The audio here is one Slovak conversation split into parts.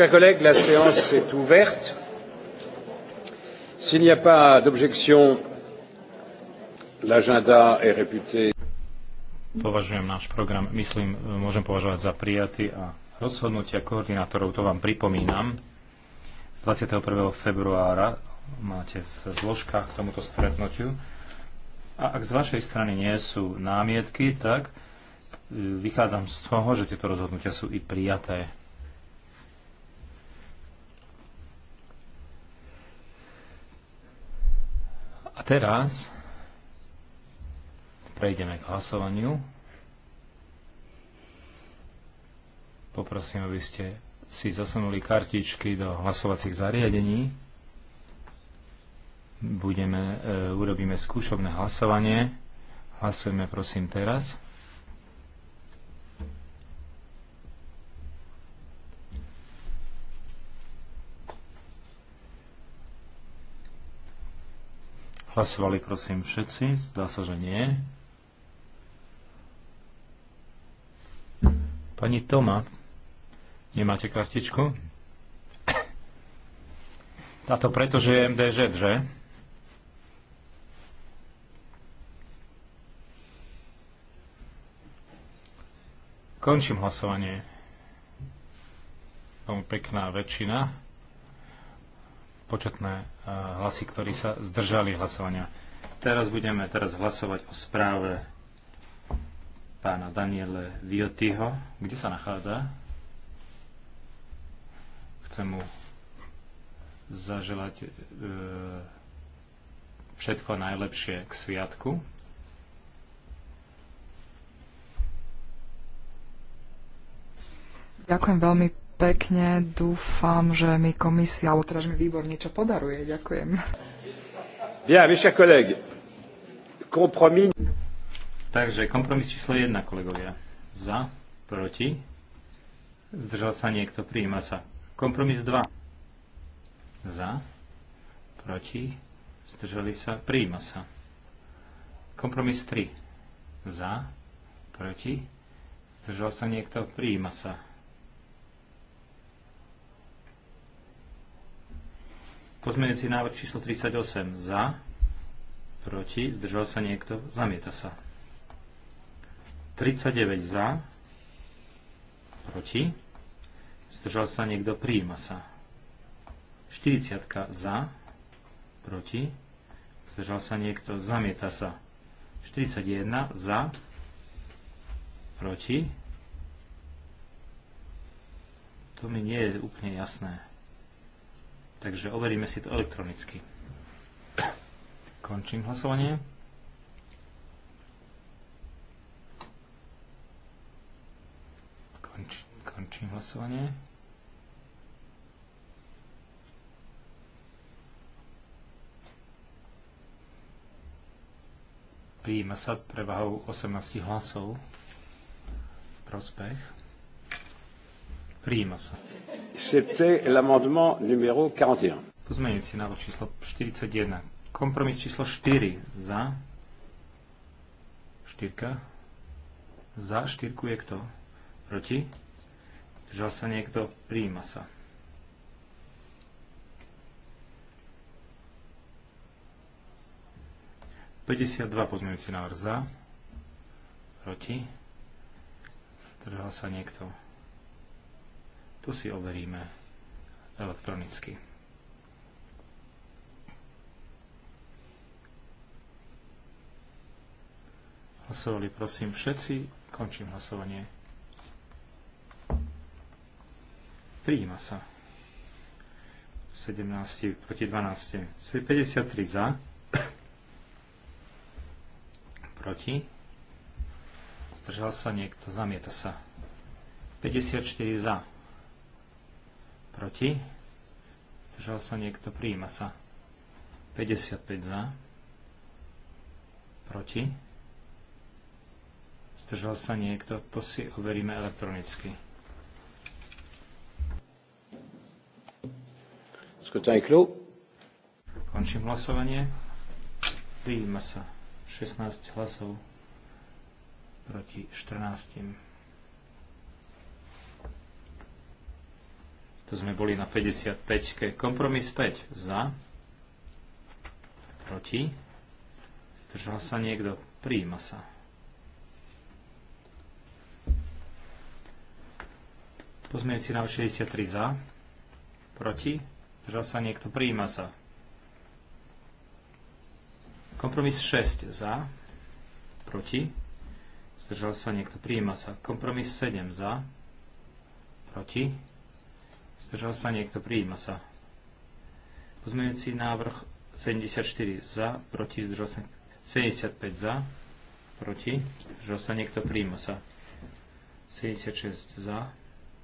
Chers collègues, la séance est ouverte. S'il n'y a pas d'objection, l'agenda est réputé. Považujem náš program, myslím, môžem považovať za prijatý a rozhodnutia koordinátorov, to vám pripomínam. Z 21. februára máte v zložkách k tomuto stretnutiu. A ak z vašej strany nie sú námietky, tak e, vychádzam z toho, že tieto rozhodnutia sú i prijaté. A teraz prejdeme k hlasovaniu. Poprosím, aby ste si zasunuli kartičky do hlasovacích zariadení. Budeme, e, urobíme skúšobné hlasovanie. Hlasujeme prosím teraz. Hlasovali prosím všetci? Zdá sa, že nie. Pani Toma, nemáte kartičku? Táto preto, že je MDŽ, že? Končím hlasovanie. Tomu pekná väčšina početné e, hlasy, ktorí sa zdržali hlasovania. Teraz budeme teraz hlasovať o správe pána Daniele Viotyho. Kde sa nachádza? Chcem mu zaželať e, všetko najlepšie k sviatku. Ďakujem veľmi pekne. Dúfam, že mi komisia, alebo teraz mi výbor niečo podaruje. Ďakujem. Bien, mes chers collègues. compromis... Takže kompromis číslo 1, kolegovia. Za, proti. Zdržal sa niekto, prijíma sa. Kompromis 2. Za, proti. Zdržali sa, prijíma sa. Kompromis 3. Za, proti. Zdržal sa niekto, prijíma sa. Pozmeňujúci návrh číslo 38 za, proti, zdržal sa niekto, zamieta sa. 39 za, proti, zdržal sa niekto, prijíma sa. 40 za, proti, zdržal sa niekto, zamieta sa. 41 za, proti, to mi nie je úplne jasné. Takže overíme si to elektronicky. Končím hlasovanie. Končím, končím hlasovanie. Prijíma sa prevahou 18 hlasov v prospech. Prijíma sa. C'était l'amendement numéro 41. Pozmeňujúci číslo 41. Kompromis číslo 4 za. 4. Za 4 je kto? Proti? Zdržal sa niekto? Prijíma sa. Päťdesiatdva pozmeňujúci návrh za. Proti? Zdržal sa niekto? Tu si overíme elektronicky. Hlasovali prosím všetci. Končím hlasovanie. Prijíma sa. 17 proti 12. 53 za. Proti. Zdržal sa niekto. Zamieta sa. 54 za. Proti? Zdržal sa niekto? Prijíma sa. 55 za. Proti? Zdržal sa niekto? To si overíme elektronicky. Skutaj Končím hlasovanie. Prijíma sa 16 hlasov proti 14. To sme boli na 55. Kompromis 5. Za. Proti. Zdržal sa niekto. Prijíma sa. Pozmejúci návrh 63 za. Proti. Zdržal sa niekto. Prijíma sa. Kompromis 6 za. Proti. Zdržal sa niekto. Prijíma sa. Kompromis 7 za. Proti. Zdržal sa niekto? Prijíma sa. Pozmeňujúci návrh 74 za, proti, zdržal sa 75 za, proti, zdržal sa niekto, prijíma sa. 76 za,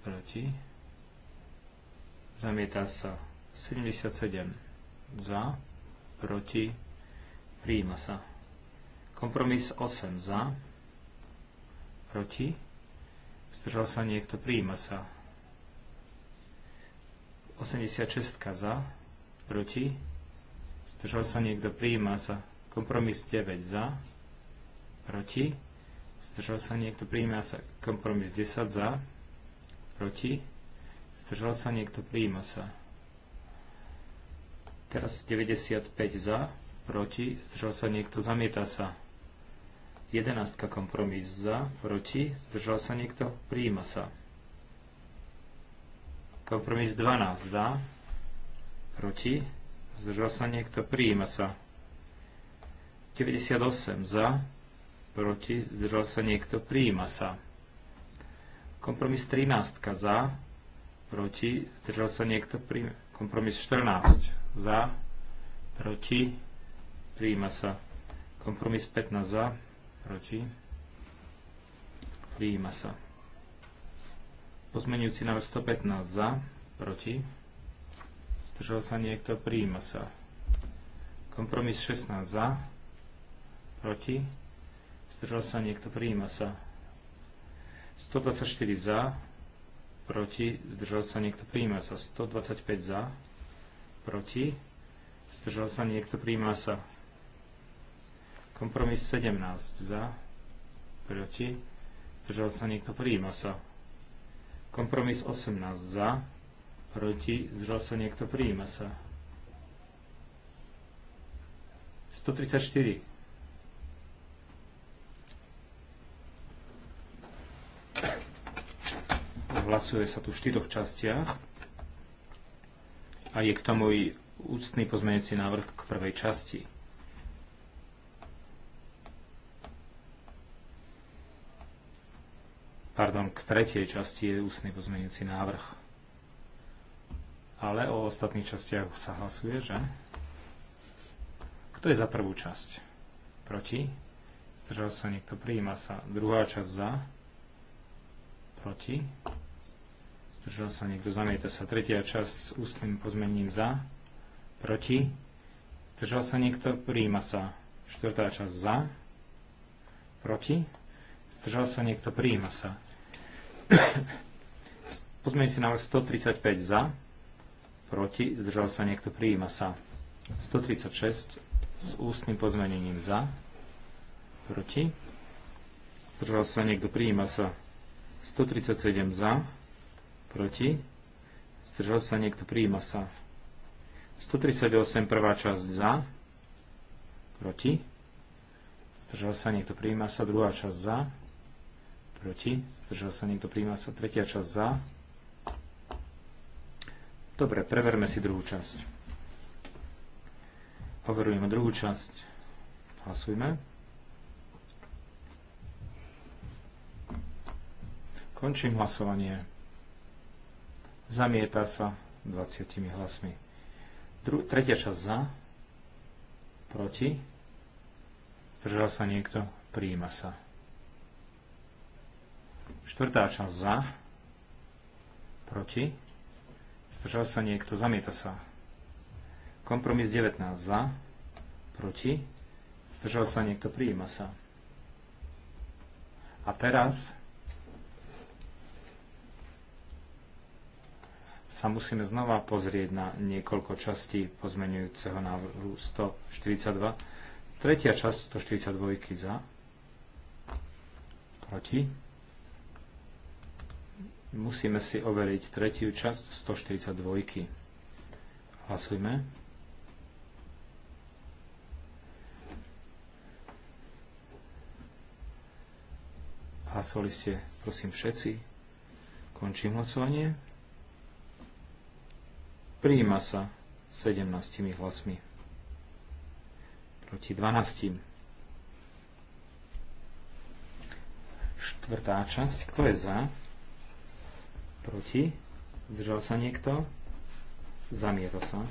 proti, zamieta sa. 77 za, proti, prijíma sa. Kompromis 8 za, proti, zdržal sa niekto, prijíma sa. 86 za, proti, zdržal sa niekto, prijíma sa. Kompromis 9 za, proti, zdržal sa niekto, prijíma sa. Kompromis 10 za, proti, zdržal sa niekto, prijíma sa. Teraz 95 za, proti, zdržal sa niekto, zamieta sa. 11 kompromis za, proti, zdržal sa niekto, prijíma sa. Kompromis 12 za, proti, zdržal sa niekto, prijíma sa. 98 za, proti, zdržal sa niekto, prijíma sa. Kompromis 13 za, proti, zdržal sa niekto, prijíma. Kompromis 14 za, proti, prijíma sa. Kompromis 15 za, proti, prijíma sa. Pozmenujúci návrh 115 za, proti. Zdržal sa niekto, prijíma sa. Kompromis 16 za, proti. Zdržal sa niekto, prijíma sa. 124 za, proti. Zdržal sa niekto, prijíma sa. 125 za, proti. Zdržal sa niekto, prijíma sa. Kompromis 17 za, proti. Zdržal sa niekto, prijíma sa. Kompromis 18 za, proti, zdržal sa niekto, prijíma sa. 134. Hlasuje sa tu v štyroch častiach a je k tomu i ústny pozmeňujúci návrh k prvej časti. pardon, k tretej časti je ústny pozmeňujúci návrh. Ale o ostatných častiach sa hlasuje, že? Kto je za prvú časť? Proti? Zdržal sa niekto, prijíma sa. Druhá časť za? Proti? Zdržal sa niekto, zamieta sa. Tretia časť s ústnym pozmením za? Proti? Zdržal sa niekto, prijíma sa. Štvrtá časť za? Proti? Zdržal sa niekto, prijíma sa si návrh 135 za, proti, zdržal sa niekto, prijíma sa. 136 s ústnym pozmenením za, proti, zdržal sa niekto, prijíma sa. 137 za, proti, zdržal sa niekto, prijíma sa. 138 prvá časť za, proti, zdržal sa niekto, prijíma sa. Druhá časť za, proti, Zdržal sa niekto, príjma sa tretia časť za. Dobre, preverme si druhú časť. Overujeme druhú časť. Hlasujme. Končím hlasovanie. Zamieta sa 20 hlasmi. Dru- tretia časť za. Proti. Zdržal sa niekto. Prijíma sa. Štvrtá časť za, proti, zdržal sa niekto, zamieta sa. Kompromis 19 za, proti, zdržal sa niekto, prijíma sa. A teraz sa musíme znova pozrieť na niekoľko častí pozmenujúceho návrhu 142. Tretia časť 142 za, proti, Musíme si overiť tretiu časť 142. Hlasujme. Hlasovali ste, prosím, všetci. Končím hlasovanie. Prijíma sa 17 hlasmi proti 12. Štvrtá časť. Kto je za? Proti? Zdržal sa niekto? Zamieta sa.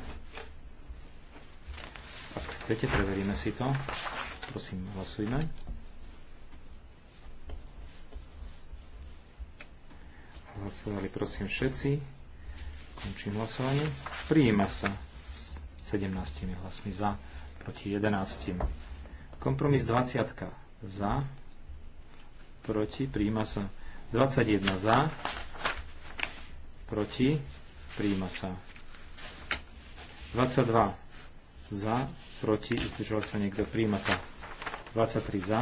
Ak chcete, preveríme si to. Prosím, hlasujme. Hlasovali prosím všetci. Končím hlasovanie. Prijíma sa s 17 hlasmi za proti 11. Kompromis 20 za proti, prijíma sa 21 za proti, príjima sa. 22 za, proti, zdržal sa niekto, príjima sa. 23 za,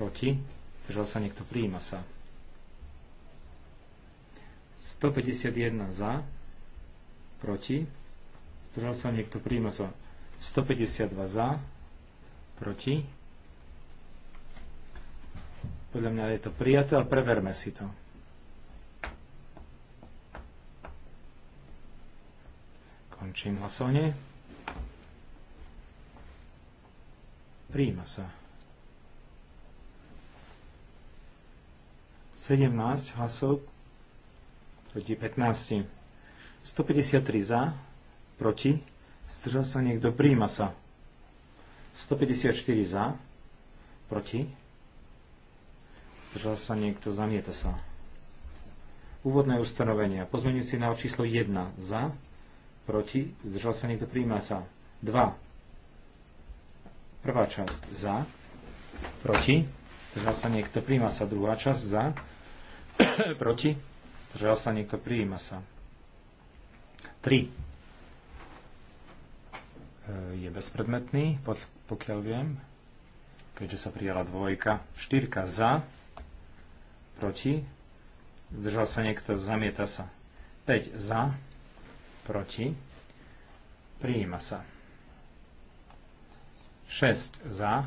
proti, zdržal sa niekto, príjima sa. 151 za, proti, zdržal sa niekto, príjima sa. 152 za, proti. Podľa mňa je to prijaté, ale preverme si to. Končím hlasovanie. Príjima sa. 17 hlasov proti 15. 153 za, proti, zdržal sa niekto, príjima sa. 154 za, proti, zdržal sa niekto, zamieta sa. Úvodné ustanovenia. Pozmeňujúci návrh číslo 1 za, proti, zdržal sa niekto, príjma sa. 2. Prvá časť za, proti, zdržal sa niekto, príjma sa. Druhá časť za, proti, zdržal sa niekto, príjma sa. 3. E, je bezpredmetný, pokiaľ viem, keďže sa prijala dvojka. 4 za, proti, zdržal sa niekto, zamieta sa. 5 za, proti, prijíma sa. 6 za,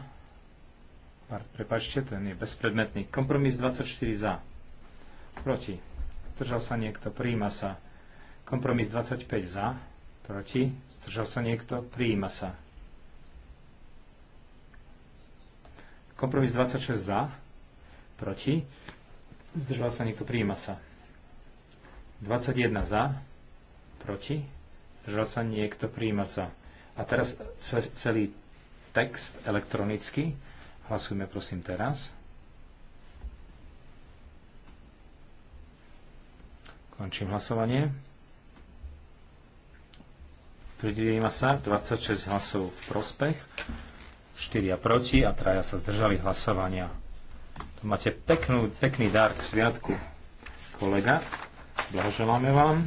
prepačte, ten je bezpredmetný, kompromis 24 za, proti, zdržal sa niekto, prijíma sa. Kompromis 25 za, proti, zdržal sa niekto, prijíma sa. Kompromis 26 za, proti, zdržal sa niekto, prijíma sa. 21 za, proti, zdržal sa niekto, príjma sa. A teraz celý text elektronicky. Hlasujme prosím teraz. Končím hlasovanie. Pridelíma sa 26 hlasov v prospech, 4 a proti a traja sa zdržali hlasovania. Tu máte peknú, pekný dar k sviatku, kolega. Blahoželáme vám.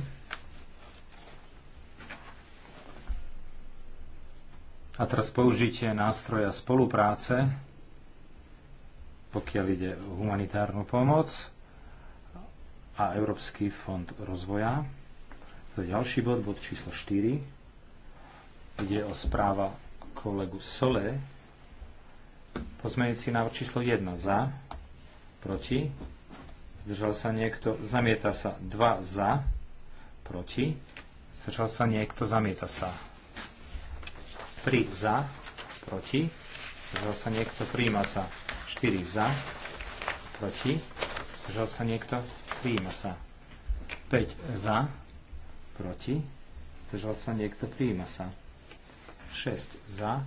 A teraz použitie nástroja spolupráce, pokiaľ ide o humanitárnu pomoc a Európsky fond rozvoja. To je ďalší bod, bod číslo 4. Ide o správa kolegu Sole. Pozmejúci návrh číslo 1 za, proti. Zdržal sa niekto, zamieta sa 2 za, proti. Zdržal sa niekto, zamieta sa 3 za, proti, zdržal sa niekto, príjma sa 4 za, proti, zdržal sa niekto, príjma sa 5 za, proti, zdržal sa niekto, príjma sa 6 za,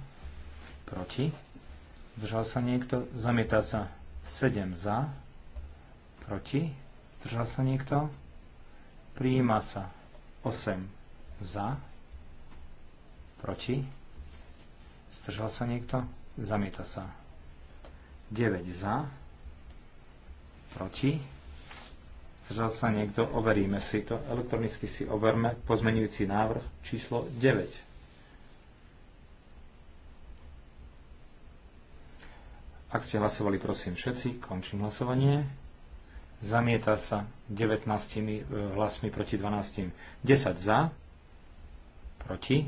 proti, zdržal sa niekto, zamieta sa 7 za, proti, zdržal sa niekto, príjma sa 8 za, proti, Zdržal sa niekto? Zamieta sa. 9 za. Proti. Zdržal sa niekto? Overíme si to. Elektronicky si overme pozmenujúci návrh číslo 9. Ak ste hlasovali, prosím všetci, končím hlasovanie. Zamieta sa 19 e, hlasmi proti 12. 10 za, proti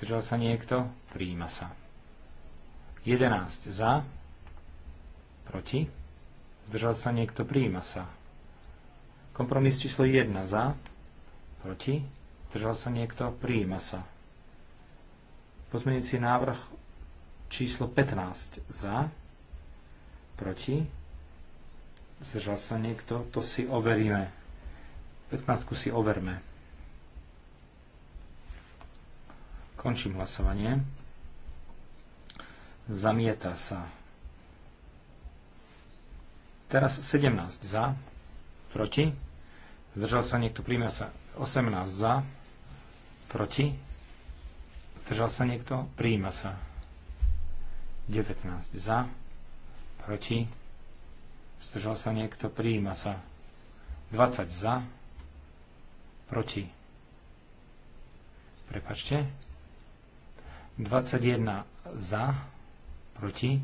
Zdržal sa niekto? Príjima sa. 11 za. Proti. Zdržal sa niekto? Príjima sa. Kompromis číslo 1 za. Proti. Zdržal sa niekto? Príjima sa. si návrh číslo 15 za. Proti. Zdržal sa niekto? To si overíme. 15 si overme. Končím hlasovanie. Zamieta sa. Teraz 17 za, proti. Zdržal sa niekto, príjme sa 18 za, proti. Zdržal sa niekto, príjma sa 19 za, proti. Zdržal sa niekto, príjma sa 20 za, proti. Prepačte. 21 za, proti.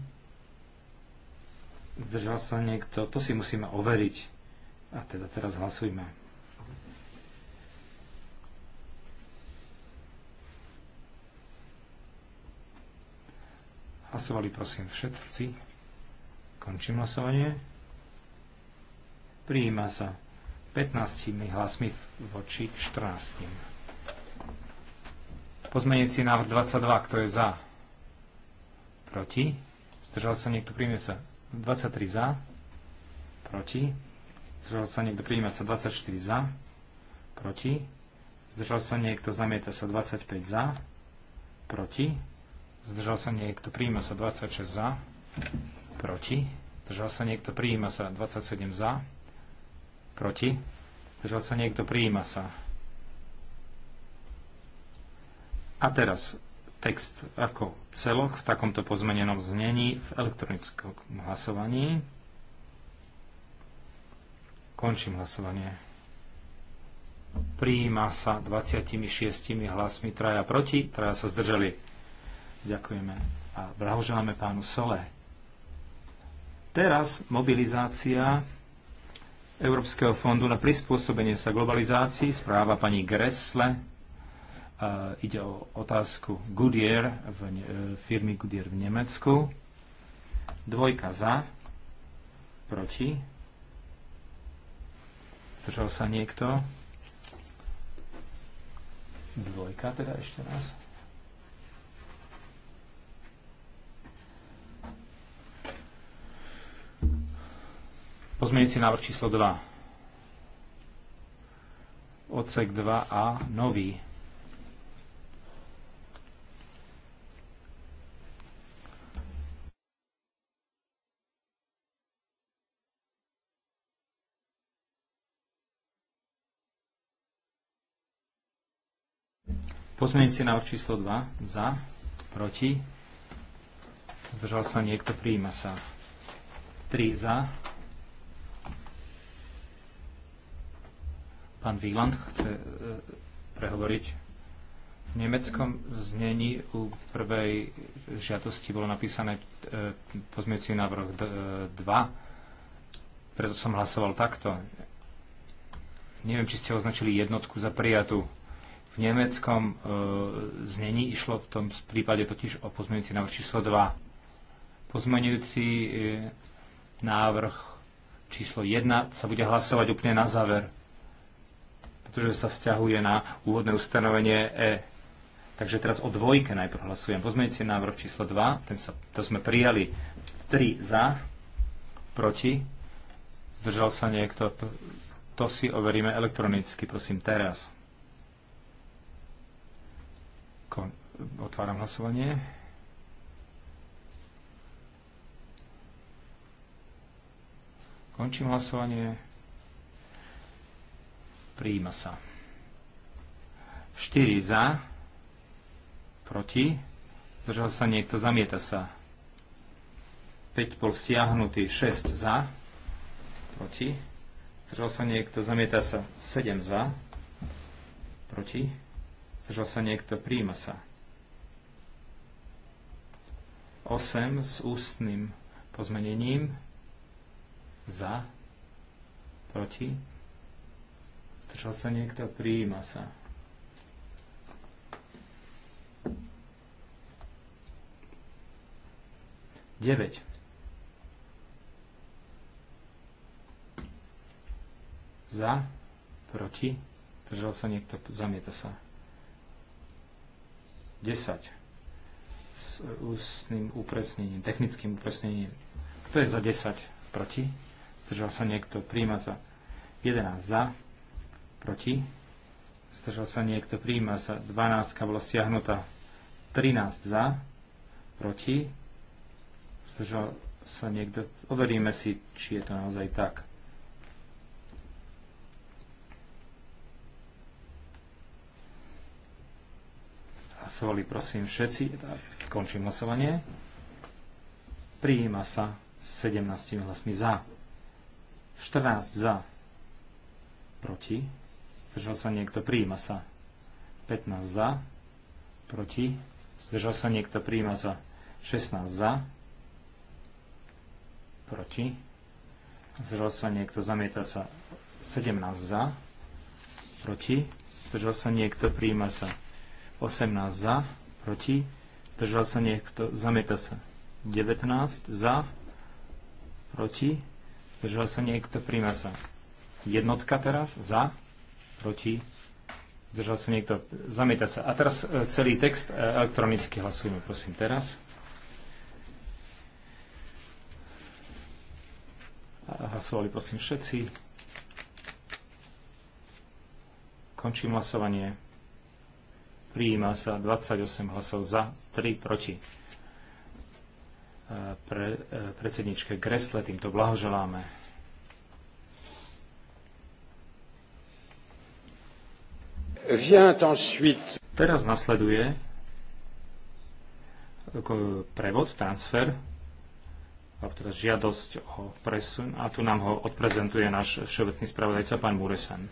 Zdržal sa niekto. To si musíme overiť. A teda teraz hlasujme. Hlasovali prosím všetci. Končím hlasovanie. Prijíma sa 15 hlasmi voči 14. Pozmeniaci návrh 22, kto je za? Proti. Zdržal sa niekto, príjme sa. 23 za. Proti. Zdržal sa niekto, príjme sa. 24 za. Proti. Zdržal sa niekto, zamieta sa. 25 za. Proti. Zdržal sa niekto, príjme sa. 26 za. Proti. Zdržal sa niekto, príjme sa. 27 za. Proti. Zdržal sa niekto, príjme sa. A teraz text ako celok v takomto pozmenenom znení v elektronickom hlasovaní. Končím hlasovanie. Prijíma sa 26 hlasmi, traja proti, traja sa zdržali. Ďakujeme a blahoželáme pánu Sole. Teraz mobilizácia Európskeho fondu na prispôsobenie sa globalizácii, správa pani Gresle ide o otázku Goodyear, v, e, firmy Goodyear v Nemecku. Dvojka za, proti. Zdržal sa niekto? Dvojka teda ešte raz. Pozmeňujúci návrh číslo 2. Odsek 2a, nový. Pozmeňujúci návrh číslo 2. Za. Proti. Zdržal sa niekto. Prijíma sa. 3 za. Pán Wieland chce e, prehovoriť. V nemeckom znení u prvej žiadosti bolo napísané e, pozmeňujúci návrh 2. E, Preto som hlasoval takto. Neviem, či ste označili jednotku za prijatú. V nemeckom e, znení išlo v tom prípade totiž o pozmeňujúci návrh číslo 2. Pozmeňujúci e, návrh číslo 1 sa bude hlasovať úplne na záver, pretože sa vzťahuje na úvodné ustanovenie E. Takže teraz o dvojke najprv hlasujem. Pozmeňujúci návrh číslo 2, ten sa, to sme prijali 3 za, proti, zdržal sa niekto, to si overíme elektronicky, prosím, teraz otváram hlasovanie. Končím hlasovanie. Prijíma sa. 4 za, proti, zdržal sa niekto, zamieta sa. 5 bol stiahnutý, 6 za, proti, zdržal sa niekto, zamieta sa, 7 za, proti že sa niekto? príjma sa. 8 s ústnym pozmenením. Za. Proti. Zdržal sa niekto? prijíma sa. Deveť. Za, proti, zdržal sa niekto, zamieta sa. 10 s ústnym upresnením, technickým upresnením. Kto je za 10? Proti? Zdržal sa niekto? Príjma za 11 za? Proti? Zdržal sa niekto? Príjma za 12 bola stiahnutá 13 za? Proti? Zdržal sa niekto? Overíme si, či je to naozaj tak. Hlasovali prosím všetci. Končím hlasovanie. Prijíma sa 17 hlasmi za. 14 za. Proti. Zdržal sa niekto. Prijíma sa. 15 za. Proti. Zdržal sa niekto. Prijíma sa. 16 za. Proti. Zdržal sa niekto. Zamieta sa. 17 za. Proti. Zdržal sa niekto. Prijíma sa. 18 za, proti, držal sa niekto, zamieta sa. 19 za, proti, držal sa niekto, príjma sa. Jednotka teraz, za, proti, zdržal sa niekto, zamieta sa. A teraz e, celý text e, elektronicky hlasujeme, prosím, teraz. Hlasovali prosím všetci. Končím hlasovanie. Prijíma sa 28 hlasov za, 3 proti. Pre, e, predsedničke Gresle týmto blahoželáme. Teraz nasleduje e, prevod, transfer, alebo teda žiadosť o presun a tu nám ho odprezentuje náš všeobecný spravodajca pán Muresan.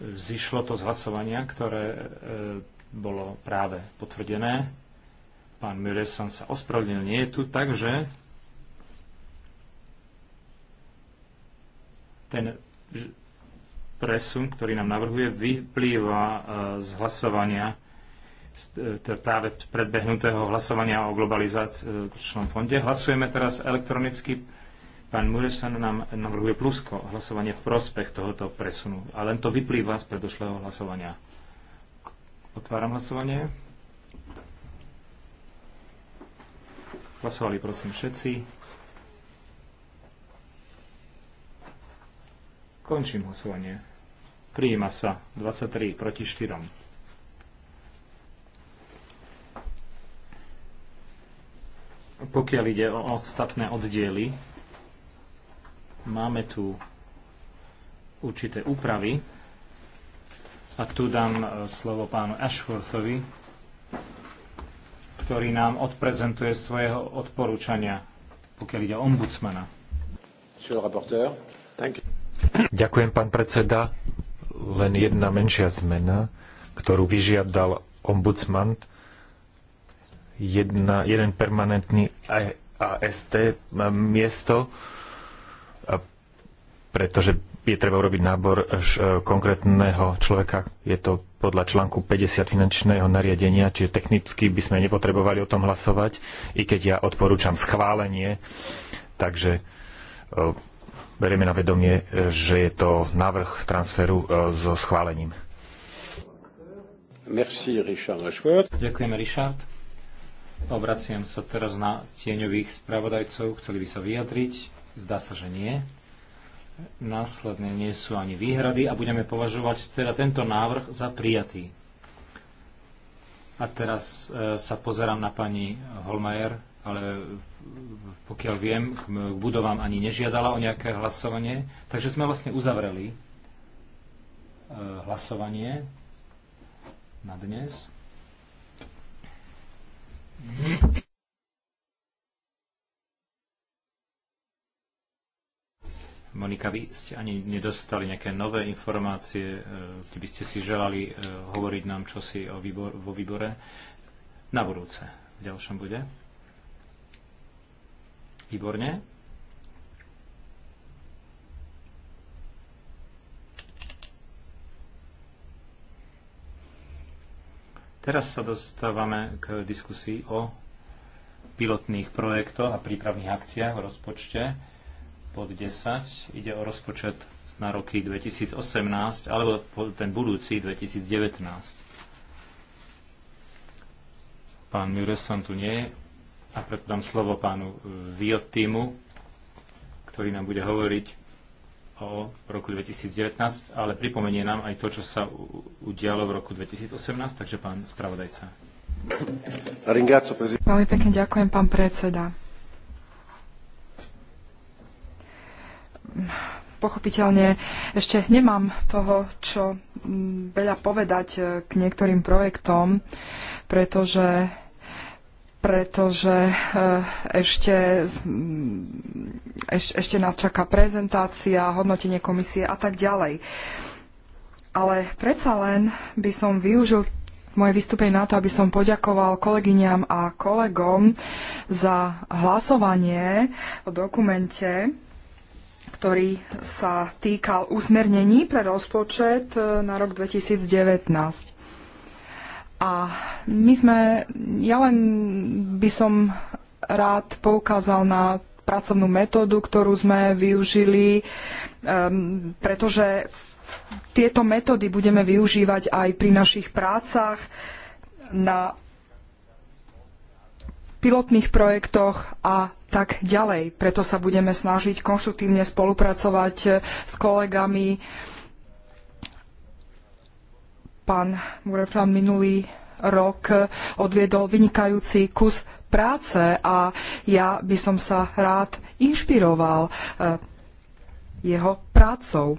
Zišlo to z hlasovania, ktoré e, bolo práve potvrdené. Pán Muresan sa ospravedlnil, nie je tu, takže ten presun, ktorý nám navrhuje, vyplýva e, z hlasovania e, práve predbehnutého hlasovania o globalizačnom fonde. Hlasujeme teraz elektronicky Pán Murešan nám navrhuje plusko hlasovanie v prospech tohoto presunu. A len to vyplýva z predošlého hlasovania. Otváram hlasovanie. Hlasovali prosím všetci. Končím hlasovanie. Prijíma sa 23 proti 4. Pokiaľ ide o ostatné oddiely, Máme tu určité úpravy a tu dám e, slovo pánu Ashworthovi, ktorý nám odprezentuje svojho odporúčania, pokiaľ ide o ombudsmana. Ďakujem, pán predseda. Len jedna menšia zmena, ktorú vyžiadal ombudsman. Jedna, jeden permanentný AST miesto pretože je treba urobiť nábor e, konkrétneho človeka. Je to podľa článku 50 finančného nariadenia, čiže technicky by sme nepotrebovali o tom hlasovať, i keď ja odporúčam schválenie. Takže e, berieme na vedomie, e, že je to návrh transferu so schválením. Merci, Richard Ashford. Ďakujeme, Richard. Obraciam sa teraz na tieňových spravodajcov. Chceli by sa vyjadriť? Zdá sa, že nie. Následne nie sú ani výhrady a budeme považovať teda tento návrh za prijatý. A teraz e, sa pozerám na pani Holmajer, ale pokiaľ viem, k budovám ani nežiadala o nejaké hlasovanie. Takže sme vlastne uzavreli e, hlasovanie na dnes. Mm-hmm. Monika, vy ste ani nedostali nejaké nové informácie, e, kde by ste si želali e, hovoriť nám čosi o výbor, vo výbore na budúce. V ďalšom bude. Výborne. Teraz sa dostávame k diskusii o pilotných projektoch a prípravných akciách v rozpočte bod 10. Ide o rozpočet na roky 2018 alebo ten budúci 2019. Pán Muresan tu nie je a preto dám slovo pánu Viotimu, ktorý nám bude hovoriť o roku 2019, ale pripomenie nám aj to, čo sa udialo v roku 2018, takže pán spravodajca. Veľmi pekne ďakujem, pán predseda. pochopiteľne ešte nemám toho, čo veľa povedať e, k niektorým projektom, pretože pretože e, ešte, ešte nás čaká prezentácia, hodnotenie komisie a tak ďalej. Ale predsa len by som využil moje vystúpenie na to, aby som poďakoval kolegyňam a kolegom za hlasovanie o dokumente, ktorý sa týkal usmernení pre rozpočet e, na rok 2019. A my sme, ja len by som rád poukázal na pracovnú metódu, ktorú sme využili, um, pretože tieto metódy budeme využívať aj pri našich prácach na pilotných projektoch a tak ďalej. Preto sa budeme snažiť konštruktívne spolupracovať eh, s kolegami. Pán Murefan minulý rok eh, odviedol vynikajúci kus práce a ja by som sa rád inšpiroval eh, jeho prácou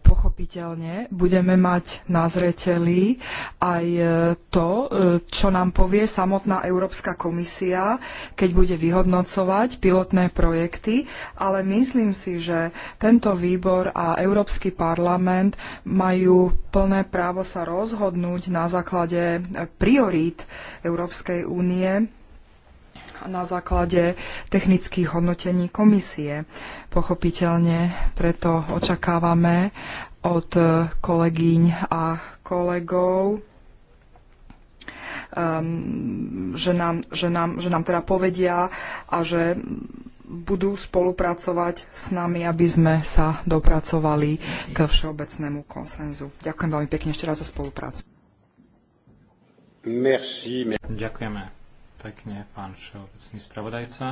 pochopiteľne budeme mať na zreteli aj e, to, e, čo nám povie samotná Európska komisia, keď bude vyhodnocovať pilotné projekty, ale myslím si, že tento výbor a Európsky parlament majú plné právo sa rozhodnúť na základe priorít Európskej únie na základe technických hodnotení komisie. Pochopiteľne preto očakávame od kolegyň a kolegov, um, že, nám, že, nám, že nám teda povedia a že budú spolupracovať s nami, aby sme sa dopracovali k všeobecnému konsenzu. Ďakujem veľmi pekne ešte raz za spoluprácu. Merci. Ďakujeme pekne, pán všeobecný spravodajca.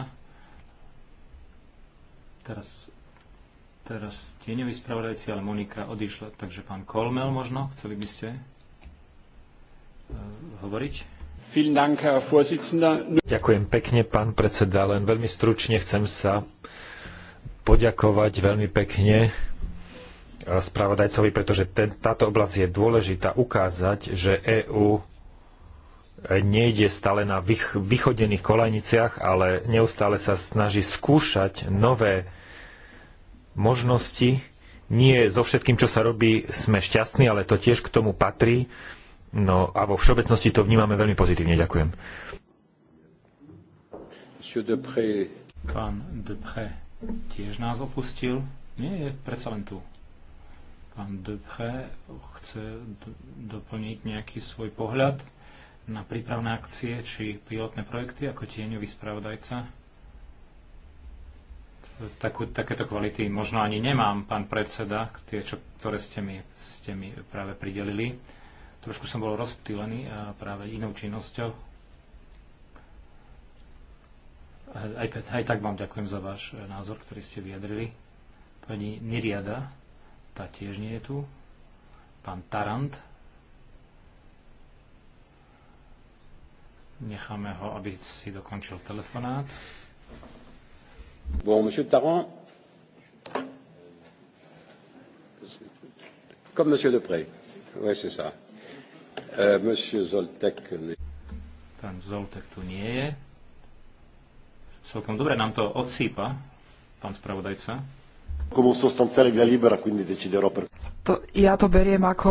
Teraz, teraz tieňový spravodajci, ale Monika odišla, takže pán Kolmel možno, chceli by ste eh, hovoriť? Ďakujem pekne, pán predseda. Len veľmi stručne chcem sa poďakovať veľmi pekne eh, spravodajcovi, pretože ten, táto oblasť je dôležitá ukázať, že EÚ nejde stále na vychodených kolajniciach, ale neustále sa snaží skúšať nové možnosti. Nie so všetkým, čo sa robí, sme šťastní, ale to tiež k tomu patrí. No a vo všeobecnosti to vnímame veľmi pozitívne. Ďakujem. Pán Depré tiež nás opustil. Nie, je predsa len tu. Pán Depré chce doplniť nejaký svoj pohľad na prípravné akcie či pilotné projekty ako tieňový spravodajca? Takú, takéto kvality možno ani nemám, pán predseda, tie, čo, ktoré ste mi, ste mi práve pridelili. Trošku som bol rozptýlený práve inou činnosťou. Aj, aj tak vám ďakujem za váš názor, ktorý ste vyjadrili. Pani Niriada, tá tiež nie je tu. Pán Tarant, Necháme ho, aby si dokončil telefonát. Bon, monsieur Taran. Comme monsieur Depré. Oui, c'est ça. Euh, monsieur Zoltek. Pán Zoltek tu nie je. Celkom dobre nám to odsýpa, pán spravodajca. To, ja to beriem ako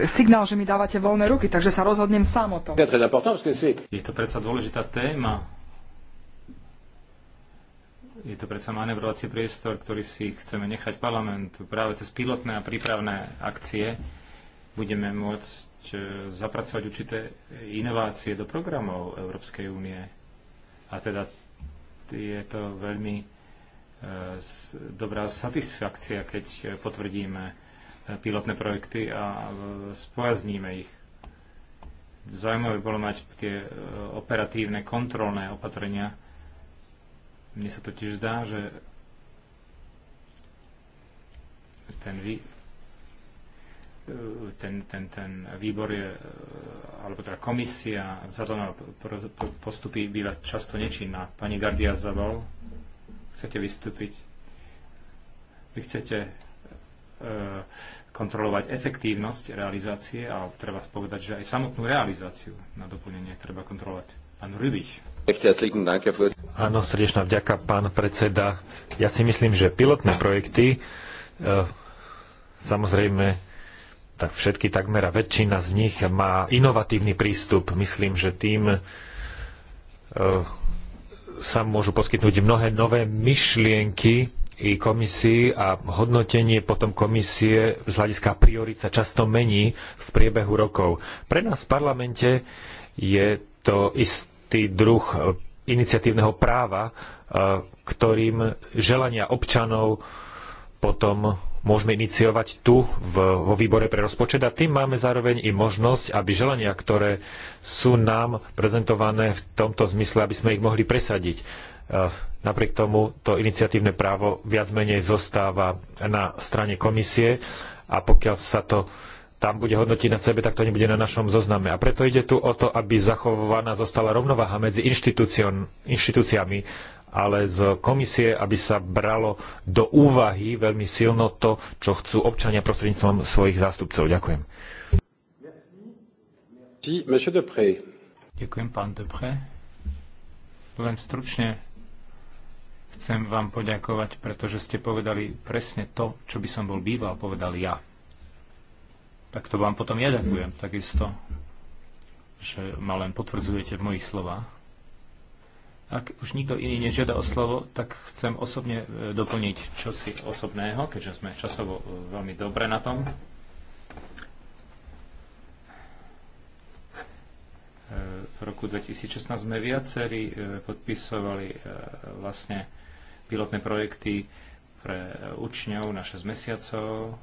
e, signál, že mi dávate voľné ruky, takže sa rozhodnem sám o tom. Je to predsa dôležitá téma. Je to predsa manevrovací priestor, ktorý si chceme nechať parlament Práve cez pilotné a prípravné akcie budeme môcť eh, zapracovať určité inovácie do programov Európskej únie. A teda je to veľmi dobrá satisfakcia, keď potvrdíme eh, pilotné projekty a spojazníme ich. Zaujímavé bolo mať tie eh, operatívne kontrolné opatrenia. Mne sa totiž zdá, že ten, vý, eh, ten, ten, ten výbor je, alebo teda komisia za to postupy býva často nečinná. Pani Gardia Zabal, Chcete vystúpiť? Vy chcete e, kontrolovať efektívnosť realizácie a treba povedať, že aj samotnú realizáciu na doplnenie treba kontrolovať. Pán Rybich. Áno, srdečná vďaka, pán predseda. Ja si myslím, že pilotné projekty, e, samozrejme, tak všetky takmer a väčšina z nich má inovatívny prístup. Myslím, že tým e, sa môžu poskytnúť mnohé nové myšlienky i komisii a hodnotenie potom komisie z hľadiska priorit sa často mení v priebehu rokov. Pre nás v parlamente je to istý druh e, iniciatívneho práva, e, ktorým želania občanov potom môžeme iniciovať tu v, vo výbore pre rozpočet a tým máme zároveň i možnosť, aby želania, ktoré sú nám prezentované v tomto zmysle, aby sme ich mohli presadiť. E, napriek tomu to iniciatívne právo viac menej zostáva na strane komisie a pokiaľ sa to tam bude hodnotiť na sebe, tak to nebude na našom zozname. A preto ide tu o to, aby zachovaná zostala rovnováha medzi inštitúciami ale z komisie, aby sa bralo do úvahy veľmi silno to, čo chcú občania prostredníctvom svojich zástupcov. Ďakujem. Ďakujem, pán Depre. Len stručne chcem vám poďakovať, pretože ste povedali presne to, čo by som bol býval povedal ja. Tak to vám potom ja ďakujem takisto, že ma len potvrdzujete v mojich slovách. Ak už nikto iný nežiada o slovo, tak chcem osobne e, doplniť čosi osobného, keďže sme časovo e, veľmi dobre na tom. E, v roku 2016 sme viacerí podpisovali vlastne pilotné projekty pre učňov na 6 mesiacov.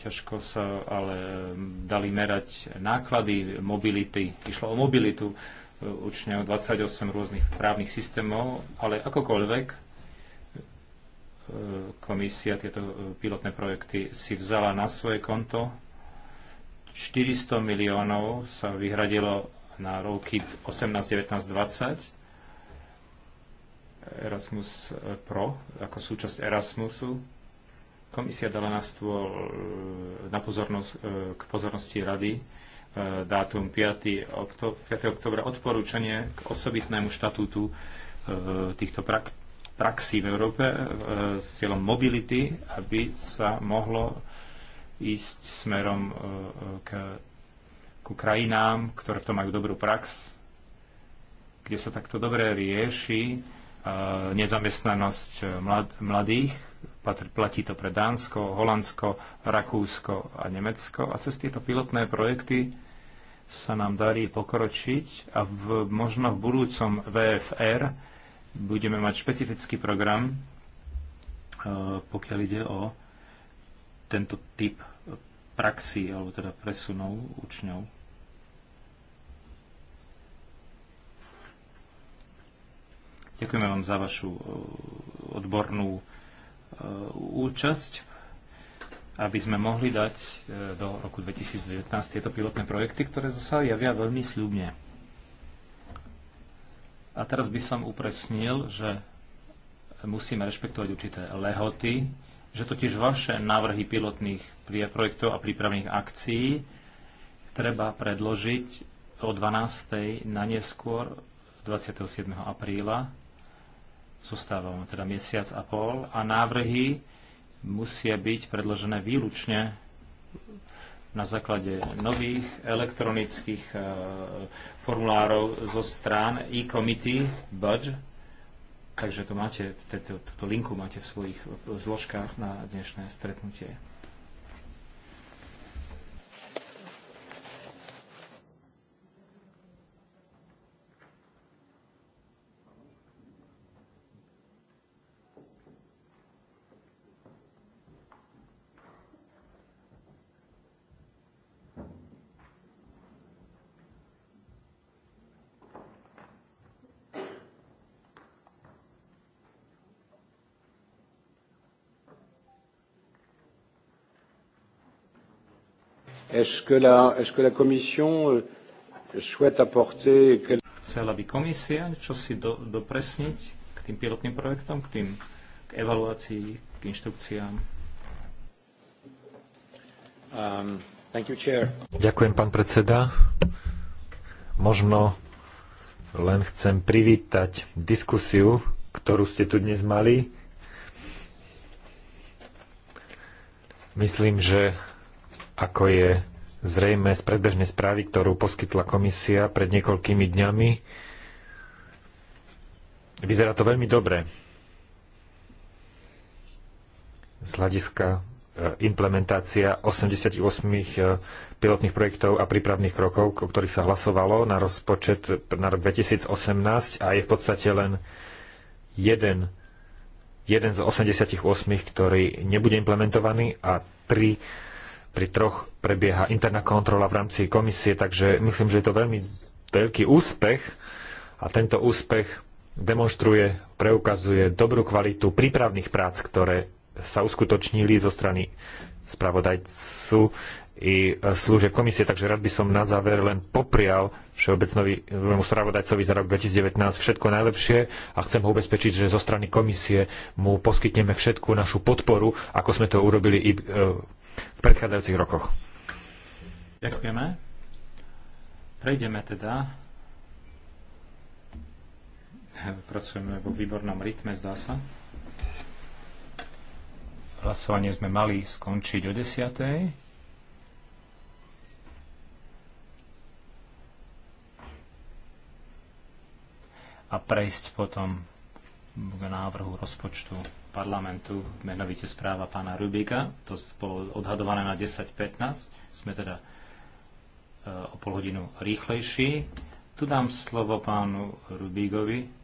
Ťažko sa ale dali merať náklady mobility. Išlo o mobilitu učňov 28 rôznych právnych systémov, ale akokoľvek e, komisia tieto e, pilotné projekty si vzala na svoje konto. 400 miliónov sa vyhradilo na roky 18, 19, 20 Erasmus e, Pro ako súčasť Erasmusu. Komisia dala na stôl na pozornosť, k pozornosti rady E, dátum 5. Oktob, 5. oktobra odporúčanie k osobitnému štatútu e, týchto prak- praxí v Európe e, s cieľom mobility, aby sa mohlo ísť smerom k, ku krajinám, ktoré v tom majú dobrú prax, kde sa takto dobre rieši nezamestnanosť mlad, mladých. Platí to pre Dánsko, Holandsko, Rakúsko a Nemecko. A cez tieto pilotné projekty sa nám darí pokročiť a v, možno v budúcom VFR budeme mať špecifický program, e, pokiaľ ide o tento typ praxi, alebo teda presunov učňov. Ďakujeme vám za vašu e, odbornú e, účasť aby sme mohli dať e, do roku 2019 tieto pilotné projekty, ktoré zase javia veľmi sľubne. A teraz by som upresnil, že musíme rešpektovať určité lehoty, že totiž vaše návrhy pilotných projektov a prípravných akcií treba predložiť o 12. na neskôr 27. apríla, zostávam teda mesiac a pol, a návrhy musia byť predložené výlučne na základe nových elektronických e, formulárov zo strán e-committee budge. Takže to máte, túto linku máte v svojich zložkách na dnešné stretnutie. Est-ce que, la, Commission euh, souhaite apporter... Chcela by komisia čo si do, dopresniť k tým pilotným projektom, k tým k evaluácii, k inštrukciám? Um, thank you, chair. Ďakujem, pán predseda. Možno len chcem privítať diskusiu, ktorú ste tu dnes mali. Myslím, že ako je zrejme z predbežnej správy, ktorú poskytla komisia pred niekoľkými dňami. Vyzerá to veľmi dobre z hľadiska e, implementácia 88 e, pilotných projektov a prípravných krokov, o ktorých sa hlasovalo na rozpočet na rok 2018 a je v podstate len jeden, jeden z 88, ktorý nebude implementovaný a tri pri troch prebieha interná kontrola v rámci komisie, takže myslím, že je to veľmi veľký úspech a tento úspech demonstruje, preukazuje dobrú kvalitu prípravných prác, ktoré sa uskutočnili zo strany spravodajcu i služieb komisie, takže rád by som na záver len poprial všeobecnému spravodajcovi za rok 2019 všetko najlepšie a chcem ho ubezpečiť, že zo strany komisie mu poskytneme všetku našu podporu, ako sme to urobili i e, v predchádzajúcich rokoch. Ďakujeme. Prejdeme teda. Pracujeme vo výbornom rytme, zdá sa. Hlasovanie sme mali skončiť o 10. a prejsť potom k návrhu rozpočtu parlamentu, menovite správa pána Rubika, to bolo odhadované na 10.15, sme teda e, o pol hodinu rýchlejší. Tu dám slovo pánu Rubíkovi,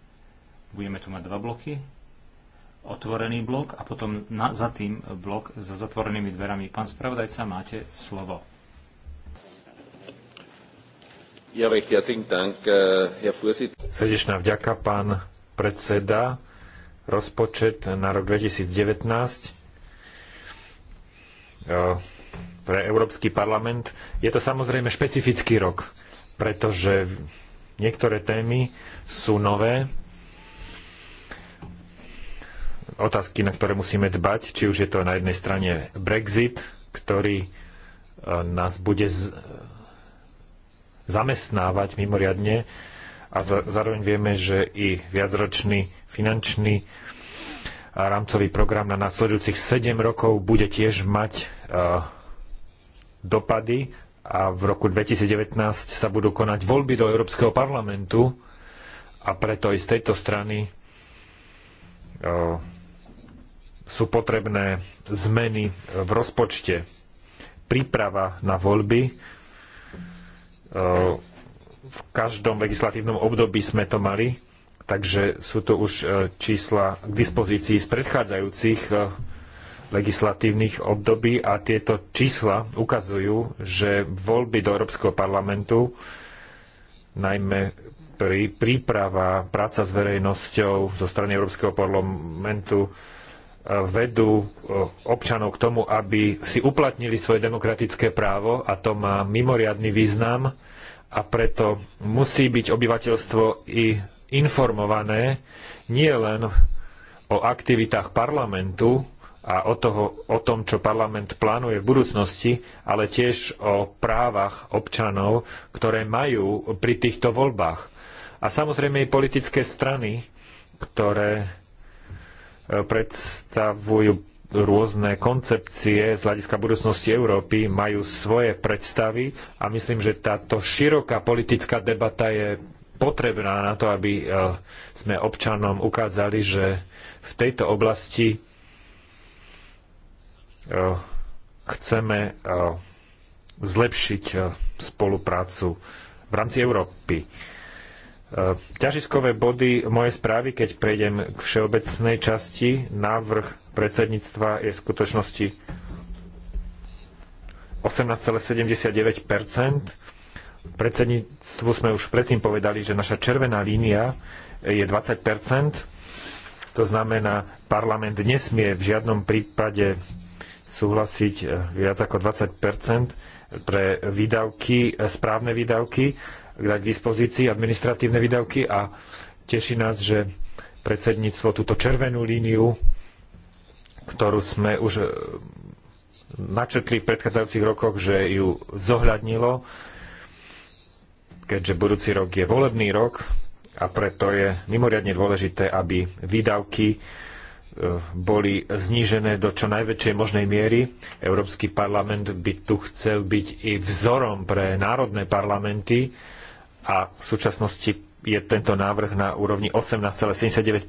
Budeme tu mať dva bloky. Otvorený blok a potom na, za tým blok za zatvorenými dverami. Pán spravodajca, máte slovo. Ja recht e, herzlichen Srdečná vďaka, pán predseda rozpočet na rok 2019 e, pre Európsky parlament. Je to samozrejme špecifický rok, pretože niektoré témy sú nové, otázky, na ktoré musíme dbať, či už je to na jednej strane Brexit, ktorý e, nás bude zamestnávať mimoriadne a zároveň vieme, že i viacročný finančný rámcový program na následujúcich 7 rokov bude tiež mať e, dopady a v roku 2019 sa budú konať voľby do Európskeho parlamentu a preto aj z tejto strany e, sú potrebné zmeny v rozpočte. Príprava na voľby e, v každom legislatívnom období sme to mali, takže sú to už e, čísla k dispozícii z predchádzajúcich e, legislatívnych období a tieto čísla ukazujú, že voľby do Európskeho parlamentu, najmä pri príprava, práca s verejnosťou zo strany Európskeho parlamentu, e, vedú občanov k tomu, aby si uplatnili svoje demokratické právo a to má mimoriadny význam a preto musí byť obyvateľstvo i informované nielen o aktivitách parlamentu a o, toho, o tom, čo parlament plánuje v budúcnosti, ale tiež o právach občanov, ktoré majú pri týchto voľbách. A samozrejme i politické strany, ktoré e, predstavujú rôzne koncepcie z hľadiska budúcnosti Európy majú svoje predstavy a myslím, že táto široká politická debata je potrebná na to, aby e, sme občanom ukázali, že v tejto oblasti e, chceme e, zlepšiť spoluprácu v rámci Európy. E, ťažiskové body mojej správy, keď prejdem k všeobecnej časti, návrh predsedníctva je v skutočnosti 18,79 Predsedníctvu sme už predtým povedali, že naša červená línia je 20 To znamená, parlament nesmie v žiadnom prípade súhlasiť e, viac ako 20 pre výdavky, e, správne výdavky dať k dispozícii administratívne výdavky a teší nás, že predsedníctvo túto červenú líniu, ktorú sme už e, načetli v predchádzajúcich rokoch, že ju zohľadnilo, keďže budúci rok je volebný rok a preto je mimoriadne dôležité, aby výdavky e, boli znížené do čo najväčšej možnej miery. Európsky parlament by tu chcel byť i vzorom pre národné parlamenty, a v súčasnosti je tento návrh na úrovni 18,79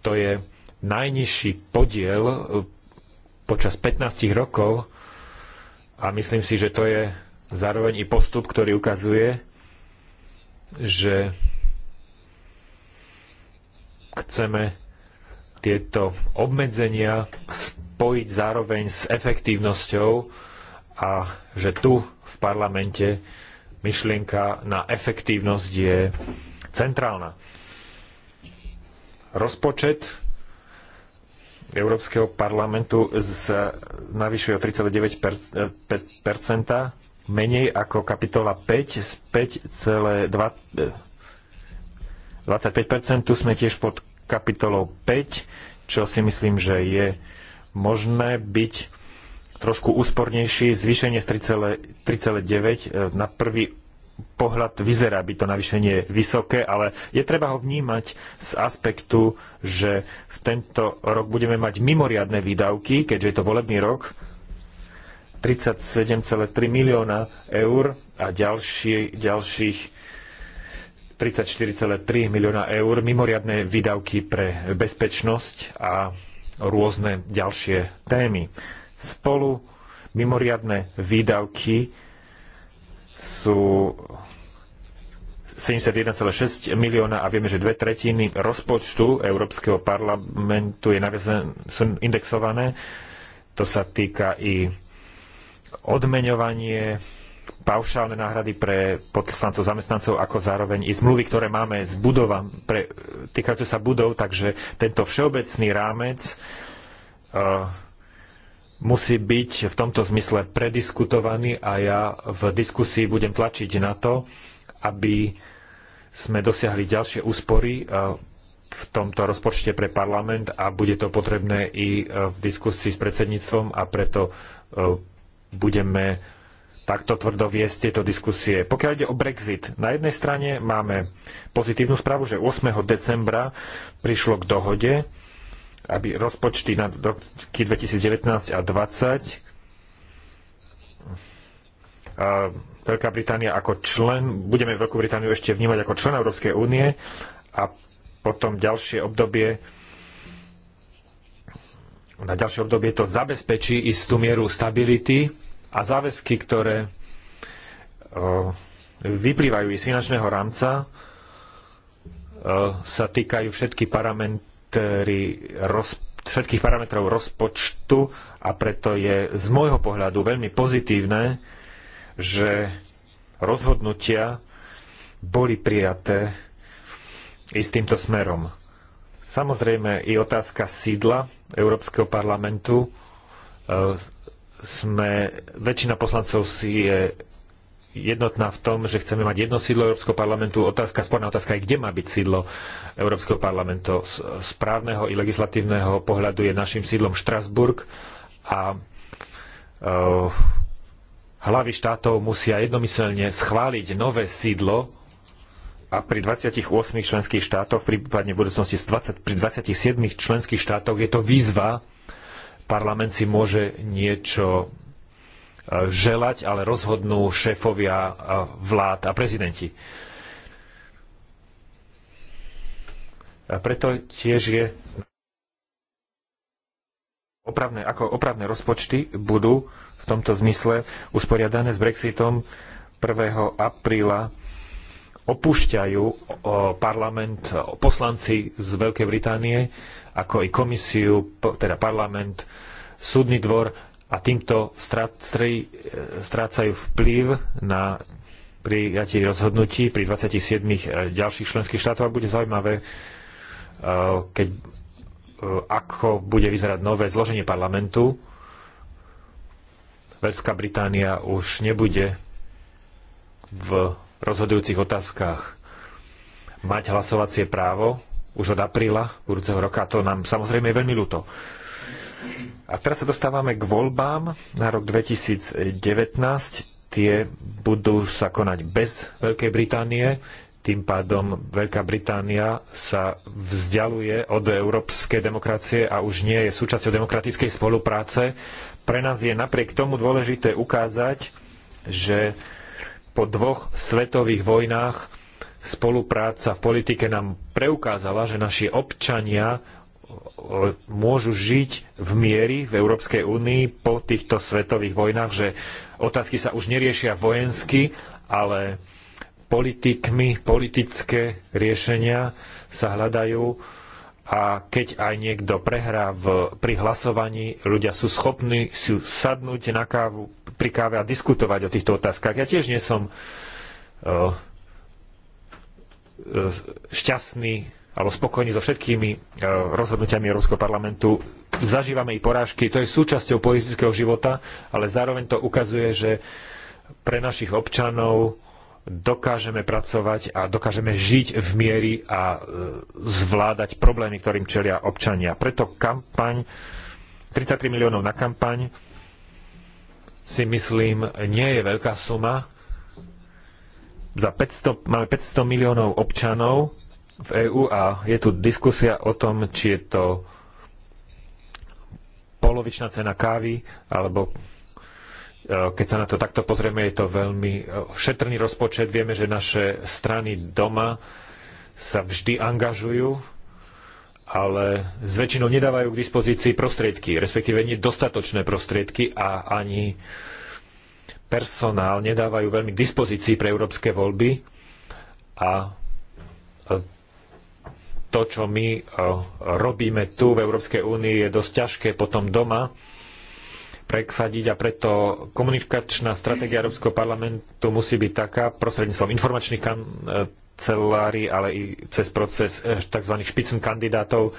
To je najnižší podiel eh, počas 15 rokov a myslím si, že to je zároveň i postup, ktorý ukazuje, že chceme tieto obmedzenia spojiť zároveň s efektívnosťou a že tu v parlamente myšlienka na efektívnosť je centrálna. Rozpočet Európskeho parlamentu sa navyšuje o 3,9 eh, menej ako kapitola 5 z 5,25 25 eh, tu sme tiež pod kapitolou 5, čo si myslím, že je možné byť trošku úspornejší, zvýšenie z 3,9 e, na prvý pohľad vyzerá byť to navýšenie vysoké, ale je treba ho vnímať z aspektu, že v tento rok budeme mať mimoriadne výdavky, keďže je to volebný rok, 37,3 milióna eur a ďalší, ďalších 34,3 milióna eur mimoriadne výdavky pre bezpečnosť a rôzne ďalšie témy spolu. Mimoriadne výdavky sú 71,6 milióna a vieme, že dve tretiny rozpočtu Európskeho parlamentu je naviazen, sú indexované. To sa týka i odmeňovanie, paušálne náhrady pre poslancov, zamestnancov, ako zároveň i zmluvy, ktoré máme s budovami pre, týkajúce sa budov, takže tento všeobecný rámec uh, musí byť v tomto zmysle prediskutovaný a ja v diskusii budem tlačiť na to, aby sme dosiahli ďalšie úspory e, v tomto rozpočte pre parlament a bude to potrebné i e, v diskusii s predsedníctvom a preto e, budeme takto tvrdo viesť tieto diskusie. Pokiaľ ide o Brexit, na jednej strane máme pozitívnu správu, že 8. decembra prišlo k dohode aby rozpočty na roky 2019 a 2020 a Veľká Británia ako člen, budeme Veľkú Britániu ešte vnímať ako člen Európskej únie a potom ďalšie obdobie na ďalšie obdobie to zabezpečí istú mieru stability a záväzky, ktoré vyplývajú z finančného rámca, sa týkajú všetky parament parametry rozpočtu všetkých parametrov rozpočtu a preto je z môjho pohľadu veľmi pozitívne, že rozhodnutia boli prijaté s týmto smerom. Samozrejme i otázka sídla Európskeho parlamentu. E, sme, väčšina poslancov si je jednotná v tom, že chceme mať jedno sídlo Európskeho parlamentu. Otázka, sporná otázka je, kde má byť sídlo Európskeho parlamentu. Z správneho i legislatívneho pohľadu je našim sídlom Štrasburg a uh, hlavy štátov musia jednomyselne schváliť nové sídlo a pri 28 členských štátoch, prípadne v budúcnosti 20, pri 27 členských štátoch je to výzva. Parlament si môže niečo želať, ale rozhodnú šéfovia vlád a prezidenti. A preto tiež je opravné, ako opravné rozpočty budú v tomto zmysle usporiadané s Brexitom 1. apríla opúšťajú parlament poslanci z Veľkej Británie, ako i komisiu, teda parlament, súdny dvor a týmto strácajú vplyv na prijatie rozhodnutí pri 27 eh, ďalších členských štátov a bude zaujímavé, eh, keď, eh, ako bude vyzerať nové zloženie parlamentu. Veľská Británia už nebude v rozhodujúcich otázkach mať hlasovacie právo už od apríla budúceho roka. To nám samozrejme je veľmi ľúto. A teraz sa dostávame k voľbám na rok 2019. Tie budú sa konať bez Veľkej Británie. Tým pádom Veľká Británia sa vzdialuje od európskej demokracie a už nie je súčasťou demokratickej spolupráce. Pre nás je napriek tomu dôležité ukázať, že po dvoch svetových vojnách spolupráca v politike nám preukázala, že naši občania môžu žiť v miery v Európskej únii po týchto svetových vojnách, že otázky sa už neriešia vojensky, ale politikmi, politické riešenia sa hľadajú a keď aj niekto prehrá v, pri hlasovaní, ľudia sú schopní si sadnúť na kávu, pri káve a diskutovať o týchto otázkach. Ja tiež nie som uh, šťastný alebo spokojní so všetkými e, rozhodnutiami Európskeho parlamentu. Zažívame i porážky, to je súčasťou politického života, ale zároveň to ukazuje, že pre našich občanov dokážeme pracovať a dokážeme žiť v miery a e, zvládať problémy, ktorým čelia občania. Preto kampaň, 33 miliónov na kampaň, si myslím, nie je veľká suma. Za 500, máme 500 miliónov občanov, v EÚ a je tu diskusia o tom, či je to polovičná cena kávy, alebo e, keď sa na to takto pozrieme, je to veľmi e, šetrný rozpočet. Vieme, že naše strany doma sa vždy angažujú, ale s väčšinou nedávajú k dispozícii prostriedky, respektíve nedostatočné prostriedky a ani personál nedávajú veľmi k dispozícii pre európske voľby a to, čo my eh, robíme tu v Európskej únii, je dosť ťažké potom doma preksadiť a preto komunikačná stratégia Európskeho parlamentu musí byť taká prostredníctvom informačných kancelárií, ale i cez proces eh, tzv. špicen kandidátov, eh,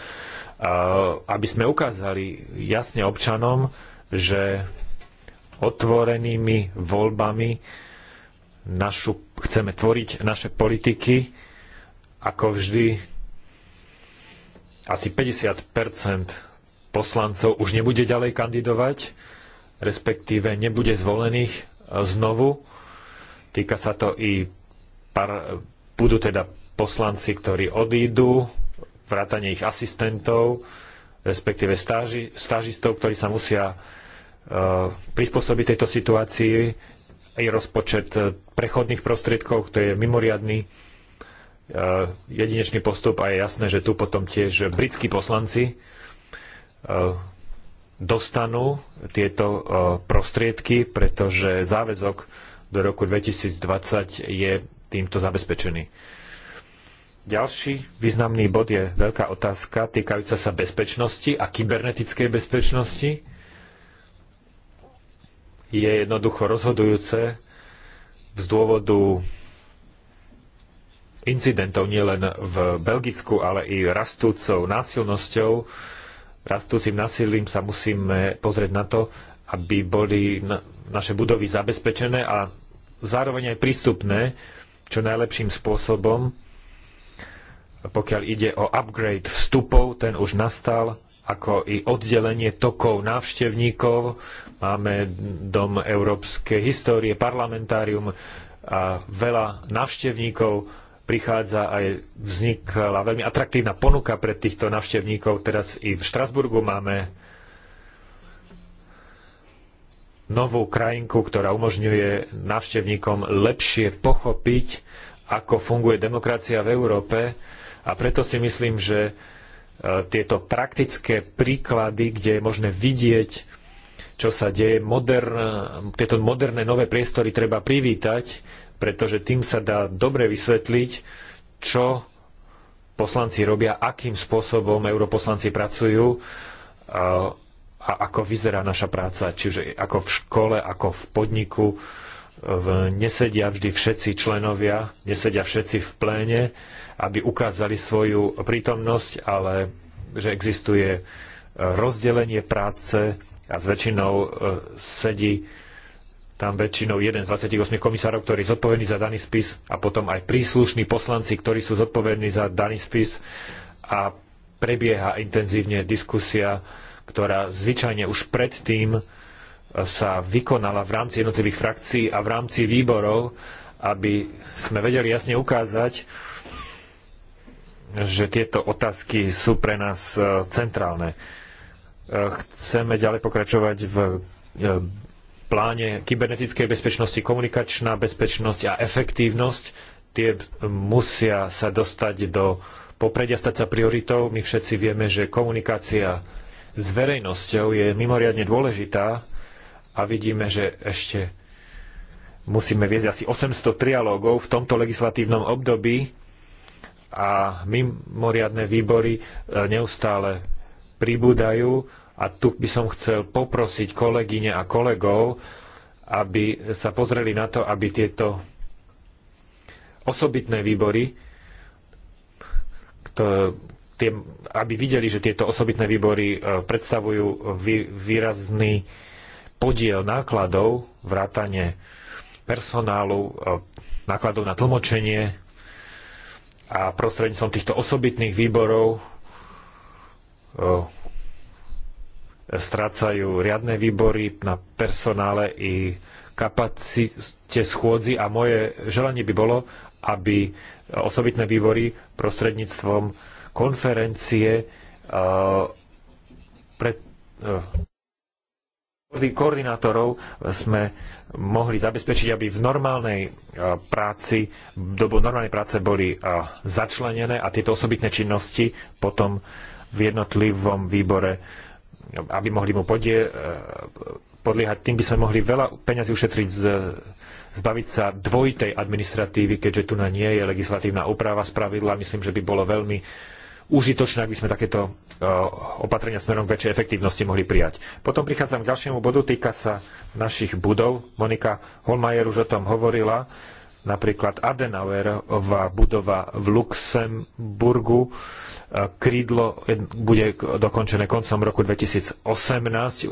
aby sme ukázali jasne občanom, že otvorenými voľbami našu, chceme tvoriť naše politiky, ako vždy asi 50 poslancov už nebude ďalej kandidovať, respektíve nebude zvolených e, znovu. Týka sa to i par, budú teda poslanci, ktorí odídu, vrátane ich asistentov, respektíve stáži, stážistov, ktorí sa musia uh, prispôsobiť tejto situácii, aj rozpočet e, prechodných prostriedkov, to je mimoriadný Eh, jedinečný postup a je jasné, že tu potom tiež britskí poslanci eh, dostanú tieto eh, prostriedky, pretože záväzok do roku 2020 je týmto zabezpečený. Ďalší významný bod je veľká otázka týkajúca sa bezpečnosti a kybernetickej bezpečnosti. Je jednoducho rozhodujúce z dôvodu incidentov nielen v Belgicku, ale i rastúcou násilnosťou, rastúcim násilím sa musíme pozrieť na to, aby boli naše budovy zabezpečené a zároveň aj prístupné čo najlepším spôsobom. Pokiaľ ide o upgrade vstupov, ten už nastal, ako i oddelenie tokov návštevníkov. Máme Dom európskej histórie, parlamentárium a veľa návštevníkov prichádza aj vznikla veľmi atraktívna ponuka pre týchto navštevníkov. Teraz i v Štrasburgu máme novú krajinku, ktorá umožňuje návštevníkom lepšie pochopiť, ako funguje demokracia v Európe. A preto si myslím, že e, tieto praktické príklady, kde je možné vidieť, čo sa deje, modern, tieto moderné nové priestory treba privítať pretože tým sa dá dobre vysvetliť, čo poslanci robia, akým spôsobom europoslanci pracujú a ako vyzerá naša práca, čiže ako v škole, ako v podniku. V, nesedia vždy všetci členovia, nesedia všetci v pléne, aby ukázali svoju prítomnosť, ale že existuje e, rozdelenie práce a s väčšinou e, sedí tam väčšinou jeden z 28 komisárov, ktorý je zodpovedný za daný spis a potom aj príslušní poslanci, ktorí sú zodpovední za daný spis a prebieha intenzívne diskusia, ktorá zvyčajne už predtým e, sa vykonala v rámci jednotlivých frakcií a v rámci výborov, aby sme vedeli jasne ukázať, že tieto otázky sú pre nás e, centrálne. E, chceme ďalej pokračovať v pláne kybernetickej bezpečnosti, komunikačná bezpečnosť a efektívnosť, tie musia sa dostať do popredia, stať sa prioritou. My všetci vieme, že komunikácia s verejnosťou je mimoriadne dôležitá a vidíme, že ešte musíme viesť asi 800 trialógov v tomto legislatívnom období a mimoriadne výbory e, neustále pribúdajú a tu by som chcel poprosiť kolegyne a kolegov, aby sa pozreli na to, aby tieto osobitné výbory, to, tie, aby videli, že tieto osobitné výbory e, predstavujú vý, výrazný podiel nákladov, vrátane personálu, e, nákladov na tlmočenie a prostredníctvom týchto osobitných výborov e, strácajú riadne výbory na personále i kapacite schôdzi a moje želanie by bolo, aby osobitné výbory prostredníctvom konferencie uh, pred, uh, koordinátorov sme mohli zabezpečiť, aby v normálnej uh, práci, dobu normálnej práce boli začlenené a tieto osobitné činnosti potom v jednotlivom výbore aby mohli mu podie, eh, podliehať, tým by sme mohli veľa peňazí ušetriť, z, zbaviť sa dvojitej administratívy, keďže tu na nie je legislatívna úprava z pravidla. Myslím, že by bolo veľmi užitočné, ak by sme takéto eh, opatrenia smerom k väčšej efektívnosti mohli prijať. Potom prichádzam k ďalšiemu bodu, týka sa našich budov. Monika Holmajer už o tom hovorila napríklad Adenauerová budova v Luxemburgu. E, krídlo bude dokončené koncom roku 2018. E,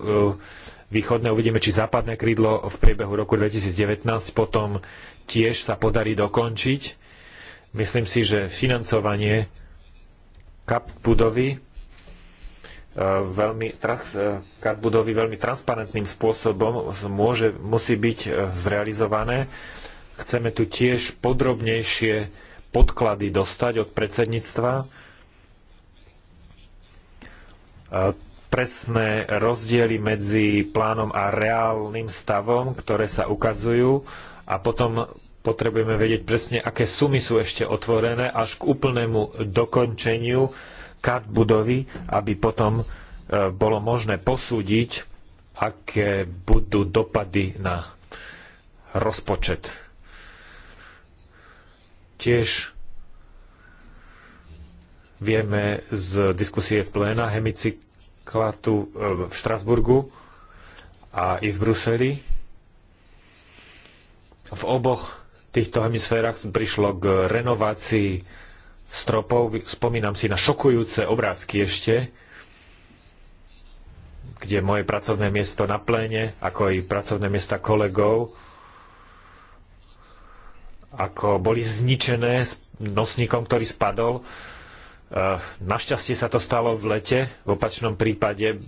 východné uvidíme, či západné krídlo v priebehu roku 2019 potom tiež sa podarí dokončiť. Myslím si, že financovanie kap budovy e, veľmi, kat budovy veľmi transparentným spôsobom môže, musí byť zrealizované Chceme tu tiež podrobnejšie podklady dostať od predsedníctva. Presné rozdiely medzi plánom a reálnym stavom, ktoré sa ukazujú a potom potrebujeme vedieť presne, aké sumy sú ešte otvorené až k úplnému dokončeniu kat budovy, aby potom e, bolo možné posúdiť, aké budú dopady na rozpočet. Tiež vieme z diskusie v pléna hemiciklatu eh, v Štrasburgu a i v Bruseli. V oboch týchto hemisférach prišlo k renovácii stropov. Spomínam si na šokujúce obrázky ešte, kde moje pracovné miesto na pléne, ako i pracovné miesta kolegov, ako boli zničené nosníkom, ktorý spadol. E, našťastie sa to stalo v lete, v opačnom prípade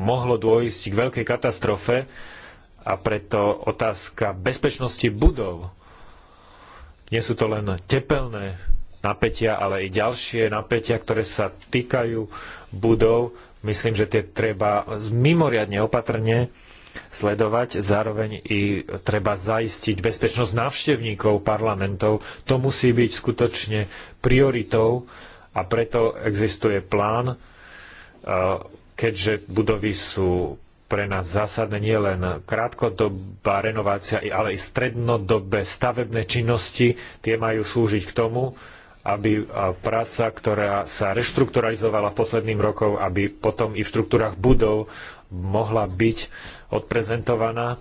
mohlo dôjsť k veľkej katastrofe a preto otázka bezpečnosti budov. Nie sú to len tepelné napätia, ale i ďalšie napätia, ktoré sa týkajú budov. Myslím, že tie treba mimoriadne opatrne sledovať, zároveň i treba zaistiť bezpečnosť návštevníkov parlamentov. To musí byť skutočne prioritou a preto existuje plán, e, keďže budovy sú pre nás zásadné nielen krátkodobá renovácia, ale i strednodobé stavebné činnosti. Tie majú slúžiť k tomu, aby e, práca, ktorá sa reštrukturalizovala v posledných rokov, aby potom i v štruktúrach budov mohla byť odprezentovaná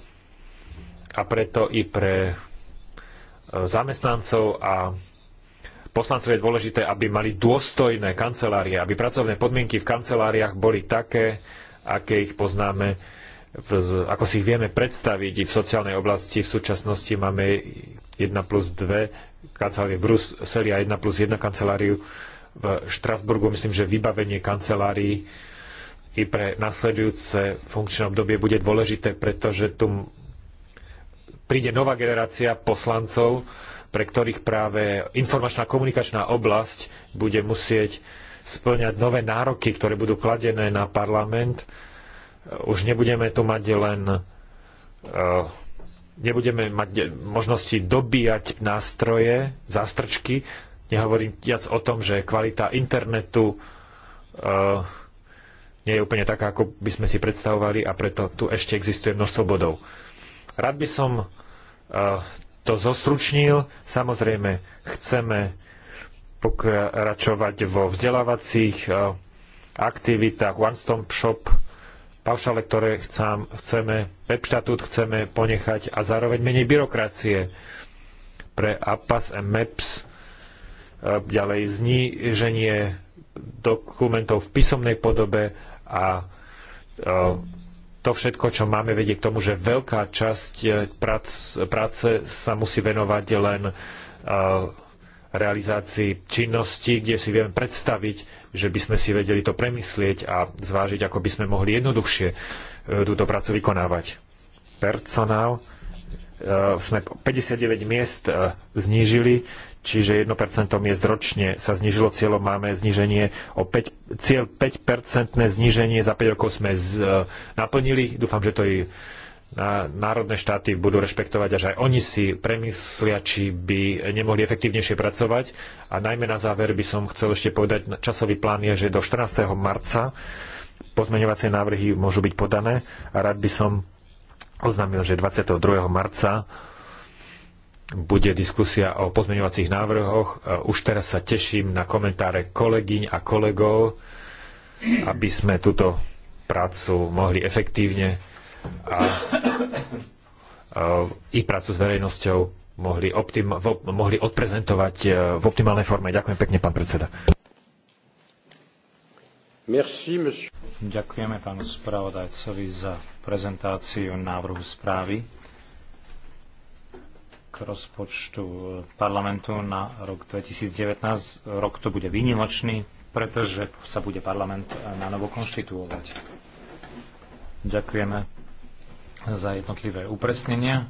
a preto i pre e, zamestnancov a poslancov je dôležité, aby mali dôstojné kancelárie, aby pracovné podmienky v kanceláriách boli také, aké ich poznáme, ako si ich vieme predstaviť i v sociálnej oblasti. V súčasnosti máme 1 plus 2 kancelárie v Bruseli a 1 plus 1 kanceláriu v Štrasburgu. Myslím, že vybavenie kancelárií i pre nasledujúce funkčné obdobie bude dôležité, pretože tu príde nová generácia poslancov, pre ktorých práve informačná komunikačná oblasť bude musieť splňať nové nároky, ktoré budú kladené na parlament. Už nebudeme tu mať len e, nebudeme mať možnosti dobíjať nástroje, zástrčky. Nehovorím viac o tom, že kvalita internetu e, nie je úplne taká, ako by sme si predstavovali a preto tu ešte existuje množstvo bodov. Rád by som eh, to zostručnil. Samozrejme, chceme pokračovať vo vzdelávacích eh, aktivitách One Stop Shop, paušale, ktoré chcám, chceme, web štatút chceme ponechať a zároveň menej byrokracie pre APAS a Maps, e eh, ďalej zníženie dokumentov v písomnej podobe a e, to všetko, čo máme, vedie k tomu, že veľká časť e, práce sa musí venovať len e, realizácii činnosti, kde si vieme predstaviť, že by sme si vedeli to premyslieť a zvážiť, ako by sme mohli jednoduchšie túto prácu vykonávať. Personál Eh, sme 59 miest eh, znížili, čiže 1% miest ročne sa znížilo. Cieľom máme zníženie o 5, cieľ 5% zníženie za 5 rokov sme z, eh, naplnili. Dúfam, že to i na národné štáty budú rešpektovať a že aj oni si premyslia, či by nemohli efektívnejšie pracovať. A najmä na záver by som chcel ešte povedať, časový plán je, že do 14. marca pozmeňovacie návrhy môžu byť podané a rád by som oznámil, že 22. marca bude diskusia o pozmeňovacích návrhoch. E, už teraz sa teším na komentáre kolegyň a kolegov, aby sme túto prácu mohli efektívne a, e, i prácu s verejnosťou mohli, optim, mohli odprezentovať e, v optimálnej forme. Ďakujem pekne, pán predseda. Merci, Ďakujeme pánu spravodajcovi za prezentáciu návrhu správy k rozpočtu parlamentu na rok 2019. Rok to bude výnimočný, pretože sa bude parlament na novo konštituovať. Ďakujeme za jednotlivé upresnenia.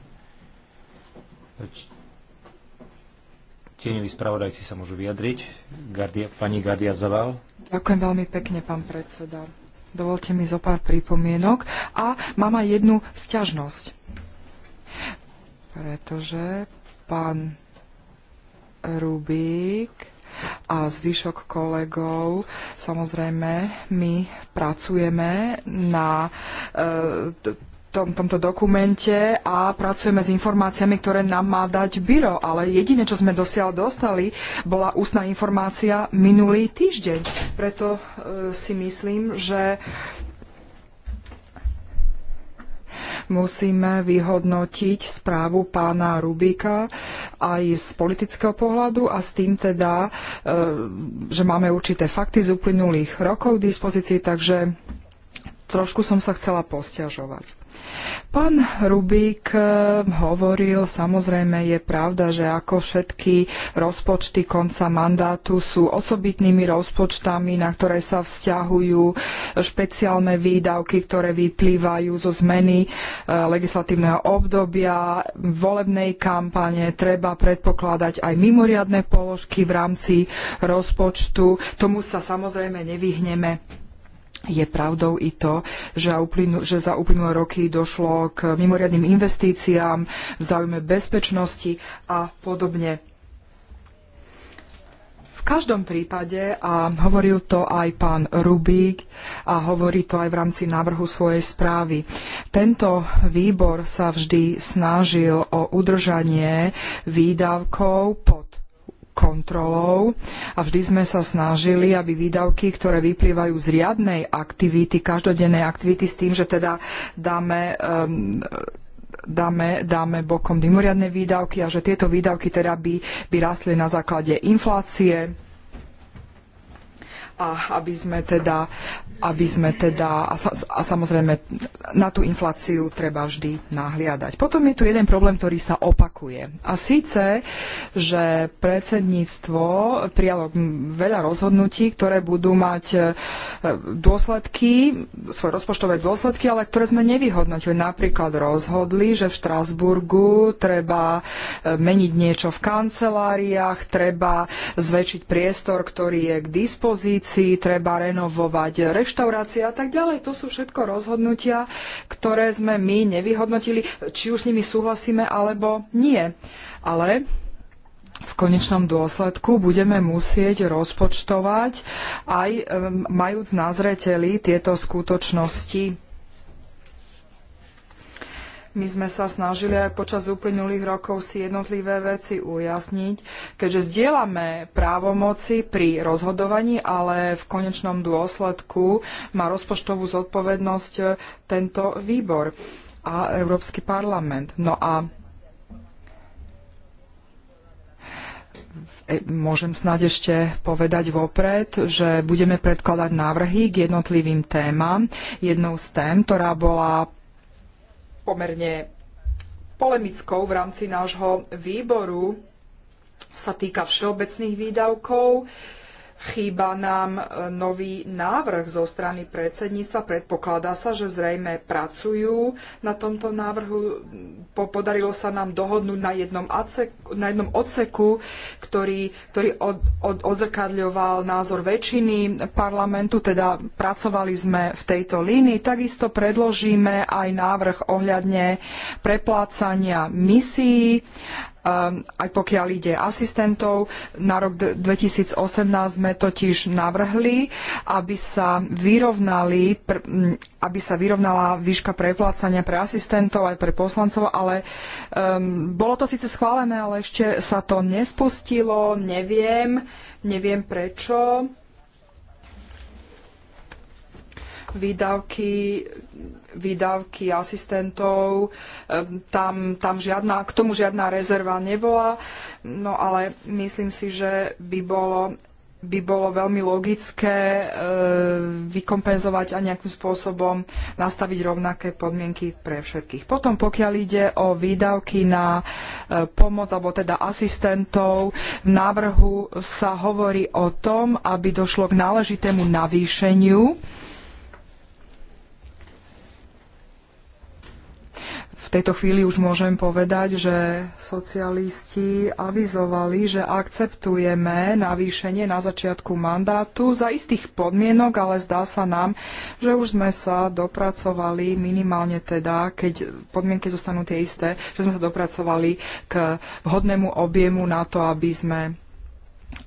Tieňoví spravodajci sa môžu vyjadriť. Gardia, pani Gardia Zaval. Ďakujem veľmi pekne, pán predseda. Dovolte mi zo pár pripomienok. A mám aj jednu sťažnosť. Pretože pán Rubík a zvyšok kolegov. Samozrejme, my pracujeme na e, tom, tomto dokumente a pracujeme s informáciami, ktoré nám má dať byro, ale jediné, čo sme dosiaľ dostali, bola ústna informácia minulý týždeň. Preto e, si myslím, že musíme vyhodnotiť správu pána Rubika aj z politického pohľadu a s tým teda, e, že máme určité fakty z uplynulých rokov k dispozícii, takže trošku som sa chcela posťažovať. Pán Rubík eh, hovoril, samozrejme je pravda, že ako všetky rozpočty konca mandátu sú osobitnými rozpočtami, na ktoré sa vzťahujú špeciálne výdavky, ktoré vyplývajú zo zmeny eh, legislatívneho obdobia, volebnej kampane, treba predpokladať aj mimoriadne položky v rámci rozpočtu. Tomu sa samozrejme nevyhneme je pravdou i to, že, za uplynulé roky došlo k mimoriadnym investíciám v záujme bezpečnosti a podobne. V každom prípade, a hovoril to aj pán Rubík a hovorí to aj v rámci návrhu svojej správy, tento výbor sa vždy snažil o udržanie výdavkov po kontrolou a vždy sme sa snažili, aby výdavky, ktoré vyplývajú z riadnej aktivity, každodennej aktivity s tým, že teda dáme um, dáme, dáme bokom mimoriadne výdavky a že tieto výdavky teda by, by rastli na základe inflácie a aby sme teda, aby sme teda a, sa, a samozrejme na tú infláciu treba vždy nahliadať. Potom je tu jeden problém, ktorý sa opakuje. A síce, že predsedníctvo prijalo veľa rozhodnutí, ktoré budú mať e, dôsledky, svoje rozpočtové dôsledky, ale ktoré sme nevyhodnotili. Napríklad rozhodli, že v Štrásburgu treba e, meniť niečo v kanceláriách, treba zväčšiť priestor, ktorý je k dispozícii, veci, treba renovovať reštaurácie a tak ďalej. To sú všetko rozhodnutia, ktoré sme my nevyhodnotili, či už s nimi súhlasíme alebo nie. Ale v konečnom dôsledku budeme musieť rozpočtovať aj majúc na zreteli tieto skutočnosti my sme sa snažili aj počas uplynulých rokov si jednotlivé veci ujasniť, keďže zdieľame právomoci pri rozhodovaní, ale v konečnom dôsledku má rozpočtovú zodpovednosť tento výbor a Európsky parlament. No a e, môžem snáď ešte povedať vopred, že budeme predkladať návrhy k jednotlivým témam. Jednou z tém, ktorá bola pomerne polemickou v rámci nášho výboru sa týka všeobecných výdavkov. Uh, Chýba nám e, nový návrh zo strany predsedníctva. Predpokladá sa, že zrejme pracujú na tomto návrhu. Podarilo sa nám dohodnúť na jednom, aceku, na jednom odseku, ktorý, ktorý od, od, odzrkadľoval názor väčšiny parlamentu, teda pracovali sme v tejto línii. Takisto predložíme aj návrh ohľadne preplácania misií. Ehm, aj pokiaľ ide asistentov. Na rok 2018 sme totiž navrhli, aby sa, vyrovnali, aby sa vyrovnala výška preplácania pre asistentov aj pre poslancov, ale um, bolo to síce schválené, ale ešte sa to nespustilo, neviem, neviem prečo. výdavky, výdavky asistentov, tam, tam žiadna, k tomu žiadna rezerva nebola, no ale myslím si, že by bolo by bolo veľmi logické e, vykompenzovať a nejakým spôsobom nastaviť rovnaké podmienky pre všetkých. Potom, pokiaľ ide o výdavky na e, pomoc alebo teda asistentov, v návrhu sa hovorí o tom, aby došlo k náležitému navýšeniu tejto chvíli už môžem povedať, že socialisti avizovali, že akceptujeme navýšenie na začiatku mandátu za istých podmienok, ale zdá sa nám, že už sme sa dopracovali minimálne teda, keď podmienky zostanú tie isté, že sme sa dopracovali k vhodnému objemu na to, aby sme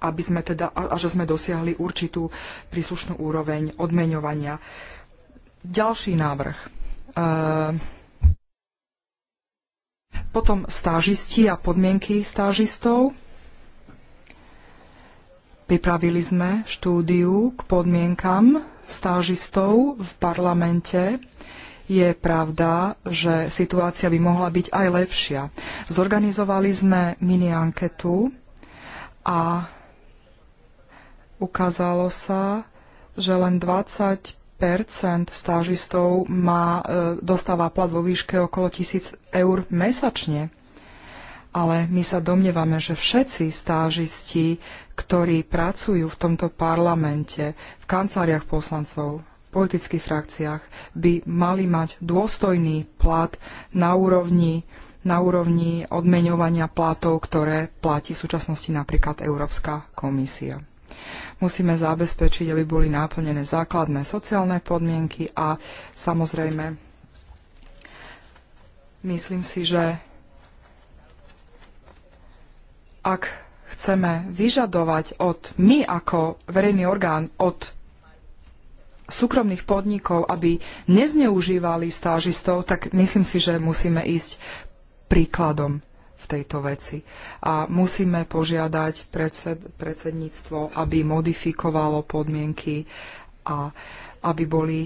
aby sme teda, a, že sme dosiahli určitú príslušnú úroveň odmeňovania. Ďalší návrh. Uh, potom stážisti a podmienky stážistov. Pripravili sme štúdiu k podmienkam stážistov v parlamente. Je pravda, že situácia by mohla byť aj lepšia. Zorganizovali sme mini anketu a ukázalo sa, že len 25 percent stážistov má, e, dostáva plat vo výške okolo 1000 eur mesačne. Ale my sa domnievame, že všetci stážisti, ktorí pracujú v tomto parlamente, v kanceláriách poslancov, v politických frakciách, by mali mať dôstojný plat na úrovni na úrovni odmeňovania platov, ktoré platí v súčasnosti napríklad Európska komisia. Musíme zabezpečiť, aby boli náplnené základné sociálne podmienky a samozrejme myslím si, že ak chceme vyžadovať od my ako verejný orgán, od súkromných podnikov, aby nezneužívali stážistov, tak myslím si, že musíme ísť príkladom v tejto veci. A musíme požiadať predsed, predsedníctvo, aby modifikovalo podmienky a aby boli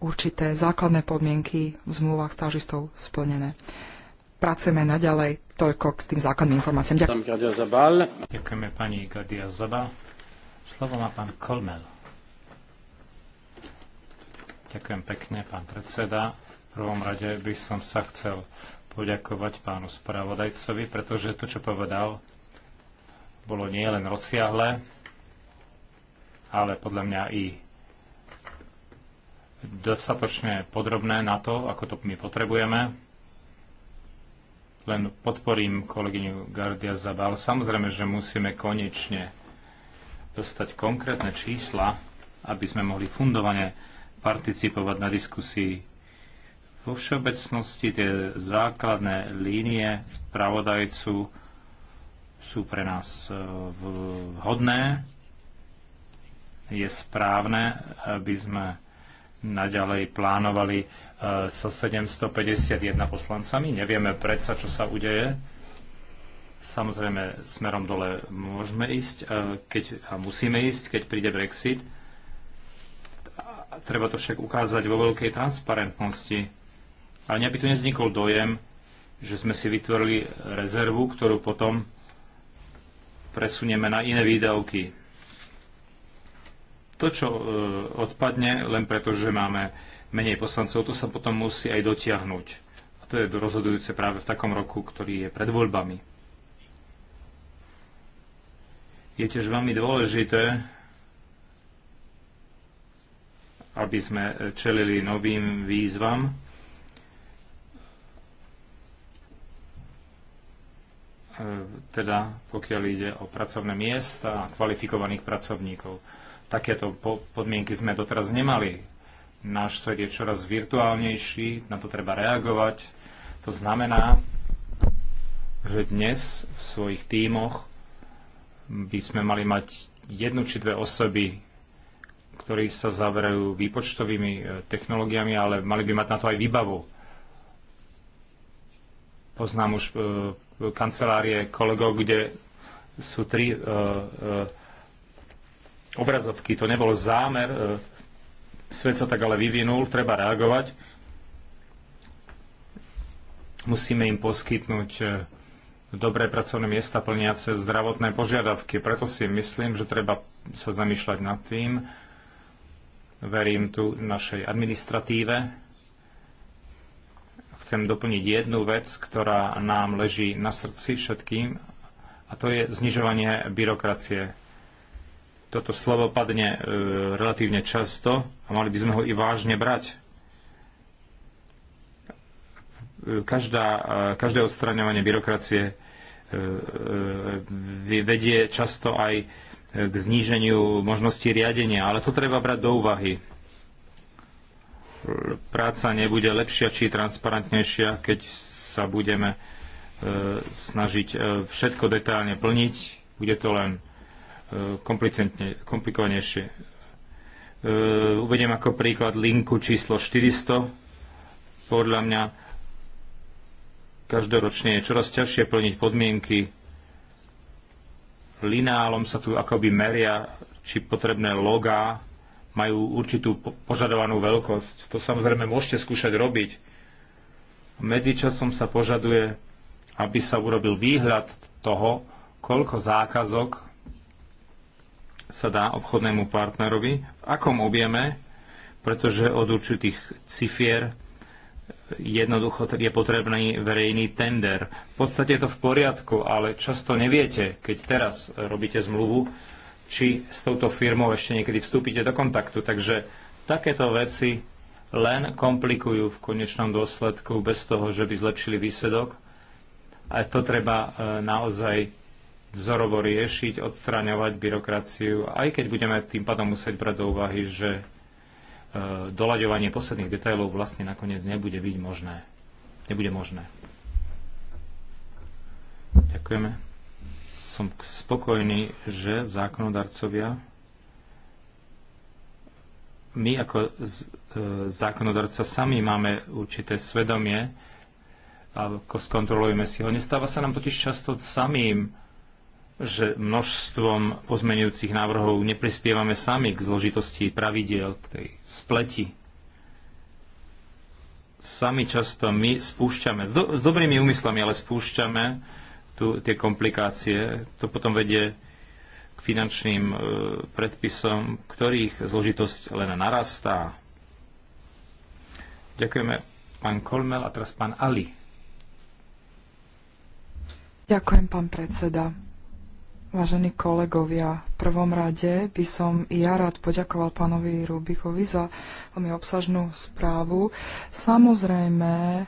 určité základné podmienky v zmluvách stážistov splnené. Pracujeme naďalej toľko k tým základným informáciám. Ďakujem. Ďakujeme pani Gadia Zabal. Slovo má pán Kolmel. Ďakujem pekne, pán predseda. V prvom rade by som sa chcel poďakovať pánu spravodajcovi, pretože to, čo povedal, bolo nielen rozsiahle, ale podľa mňa i dostatočne podrobné na to, ako to my potrebujeme. Len podporím kolegyňu Gardia Zabal. Samozrejme, že musíme konečne dostať konkrétne čísla, aby sme mohli fundovane participovať na diskusii vo všeobecnosti tie základné línie spravodajcu sú pre nás e, vhodné. Je správne, aby sme naďalej plánovali e, so 751 poslancami. Nevieme predsa, čo sa udeje. Samozrejme, smerom dole môžeme ísť e, keď, a musíme ísť, keď príde Brexit. Treba to však ukázať vo veľkej transparentnosti ale aby tu neznikol dojem, že sme si vytvorili rezervu, ktorú potom presunieme na iné výdavky. To, čo e, odpadne, len preto, že máme menej poslancov, to sa potom musí aj dotiahnuť. A to je rozhodujúce práve v takom roku, ktorý je pred voľbami. Je tiež veľmi dôležité, aby sme čelili novým výzvam, E, teda pokiaľ ide o pracovné miesta a kvalifikovaných pracovníkov. Takéto podmienky sme doteraz nemali. Náš svet je čoraz virtuálnejší, na to treba reagovať. To znamená, že dnes v svojich tímoch by sme mali mať jednu či dve osoby, ktorí sa zaverajú výpočtovými e, technológiami, ale mali by mať na to aj výbavu. Poznám už e, kancelárie kolegov, kde sú tri eh, eh, obrazovky. To nebol zámer, eh, svet sa tak ale vyvinul, treba reagovať. Musíme im poskytnúť dobré pracovné miesta plniace zdravotné požiadavky. Preto si myslím, že treba sa zamýšľať nad tým. Verím tu našej administratíve, chcem doplniť jednu vec, ktorá nám leží na srdci všetkým, a to je znižovanie byrokracie. Toto slovo padne e, relatívne často a mali by sme ho i vážne brať. Každá, e, každé odstraňovanie byrokracie e, e, vedie často aj k zníženiu možností riadenia, ale to treba brať do úvahy práca nebude lepšia či transparentnejšia, keď sa budeme e, snažiť e, všetko detailne plniť. Bude to len e, komplikovanejšie. Uvediem ako príklad linku číslo 400. Podľa mňa každoročne je čoraz ťažšie plniť podmienky. Lineálom sa tu akoby meria, či potrebné logá majú určitú požadovanú veľkosť. To samozrejme môžete skúšať robiť. Medzičasom sa požaduje, aby sa urobil výhľad toho, koľko zákazok sa dá obchodnému partnerovi, v akom objeme, pretože od určitých cifier jednoducho je potrebný verejný tender. V podstate je to v poriadku, ale často neviete, keď teraz robíte zmluvu, či s touto firmou ešte niekedy vstúpite do kontaktu. Takže takéto veci len komplikujú v konečnom dôsledku bez toho, že by zlepšili výsledok. A to treba e, naozaj vzorovo riešiť, odstraňovať byrokraciu, aj keď budeme tým pádom musieť brať do úvahy, že e, doľaďovanie posledných detailov vlastne nakoniec nebude byť možné. Nebude možné. Ďakujeme. Som spokojný, že zákonodarcovia my ako e, zákonodarca sami máme určité svedomie a skontrolujeme si ho. Nestáva sa nám totiž často samým, že množstvom pozmenujúcich návrhov neprispievame sami k zložitosti pravidiel, k tej spleti. Sami často my spúšťame, s, do, s dobrými úmyslami, ale spúšťame tu, tie komplikácie. To potom vedie k finančným e, predpisom, ktorých zložitosť len narastá. Ďakujeme pán Kolmel a teraz pán Ali. Ďakujem, pán predseda. Vážení kolegovia, v prvom rade by som i ja rád poďakoval pánovi Rubikovi za veľmi obsažnú správu. Samozrejme,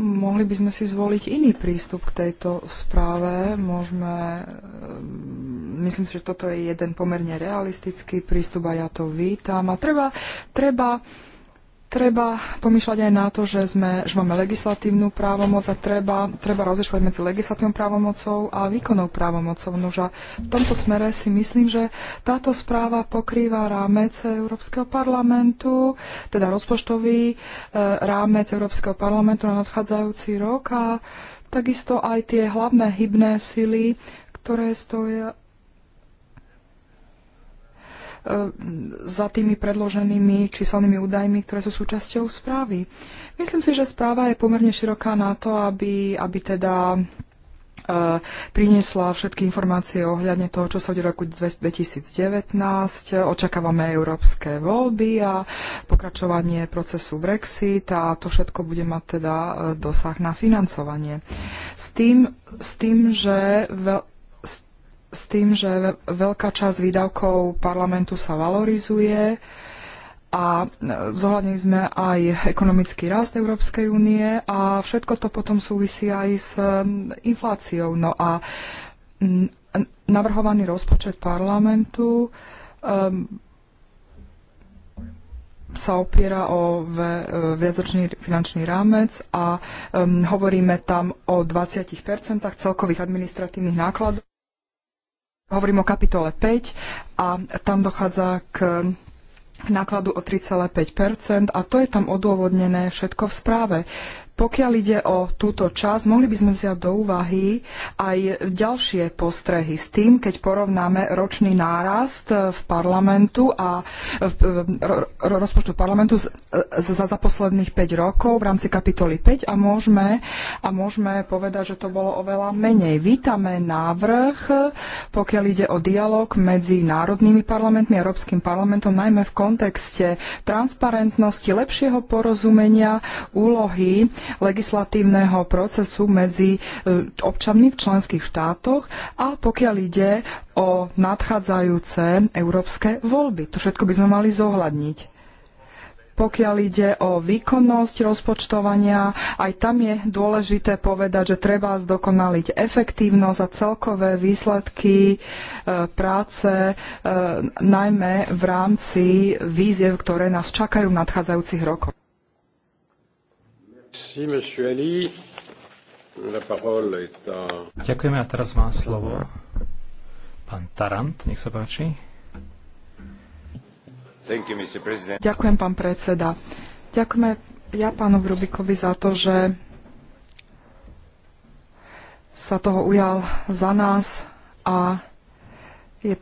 Mohli by sme si zvoliť iný prístup k tejto správe. Môžeme, ehm, myslím si, že toto je jeden pomerne realistický prístup a ja to vítam. A treba, treba Treba pomýšľať aj na to, že, sme, že máme legislatívnu právomoc a treba, treba rozlišovať medzi legislatívnou právomocou a výkonnou právomocou. Nože v tomto smere si myslím, že táto správa pokrýva rámec Európskeho parlamentu, teda rozpočtový e, rámec Európskeho parlamentu na nadchádzajúci rok a takisto aj tie hlavné hybné sily, ktoré stoja E, za tými predloženými číselnými údajmi, ktoré sú súčasťou správy. Myslím si, že správa je pomerne široká na to, aby, aby teda e, priniesla všetky informácie ohľadne toho, čo sa udeje v roku 2019. Očakávame európske voľby a pokračovanie procesu Brexit a to všetko bude mať teda e, dosah na financovanie. S tým, s tým že veľ, s tým, že veľká časť výdavkov parlamentu sa valorizuje a zohľadnili sme aj ekonomický rast Európskej únie a všetko to potom súvisí aj s infláciou. No a navrhovaný rozpočet parlamentu um, sa opiera o e, viacročný finančný rámec a um, hovoríme tam o 20% celkových administratívnych nákladov. Hovorím o kapitole 5 a tam dochádza k nákladu o 3,5 a to je tam odôvodnené všetko v správe. Pokiaľ ide o túto časť, mohli by sme vziať do úvahy aj ďalšie postrehy s tým, keď porovnáme ročný nárast v parlamentu a v, rozpočtu parlamentu za, za posledných 5 rokov v rámci kapitoly 5 a môžeme, a môžeme povedať, že to bolo oveľa menej. Vítame návrh, pokiaľ ide o dialog medzi národnými parlamentmi a Európskym parlamentom, najmä v kontexte transparentnosti, lepšieho porozumenia úlohy legislatívneho procesu medzi e, občanmi v členských štátoch a pokiaľ ide o nadchádzajúce európske voľby. To všetko by sme mali zohľadniť pokiaľ ide o výkonnosť rozpočtovania, aj tam je dôležité povedať, že treba zdokonaliť efektívnosť a celkové výsledky e, práce, e, najmä v rámci víziev, ktoré nás čakajú v nadchádzajúcich rokoch. Ali. La parole est à... Ďakujeme a teraz má slovo pán Tarant, nech sa páči. Thank you, Mr. President. Ďakujem, pán predseda. Ďakujeme ja pánu Rubikovi za to, že sa toho ujal za nás a je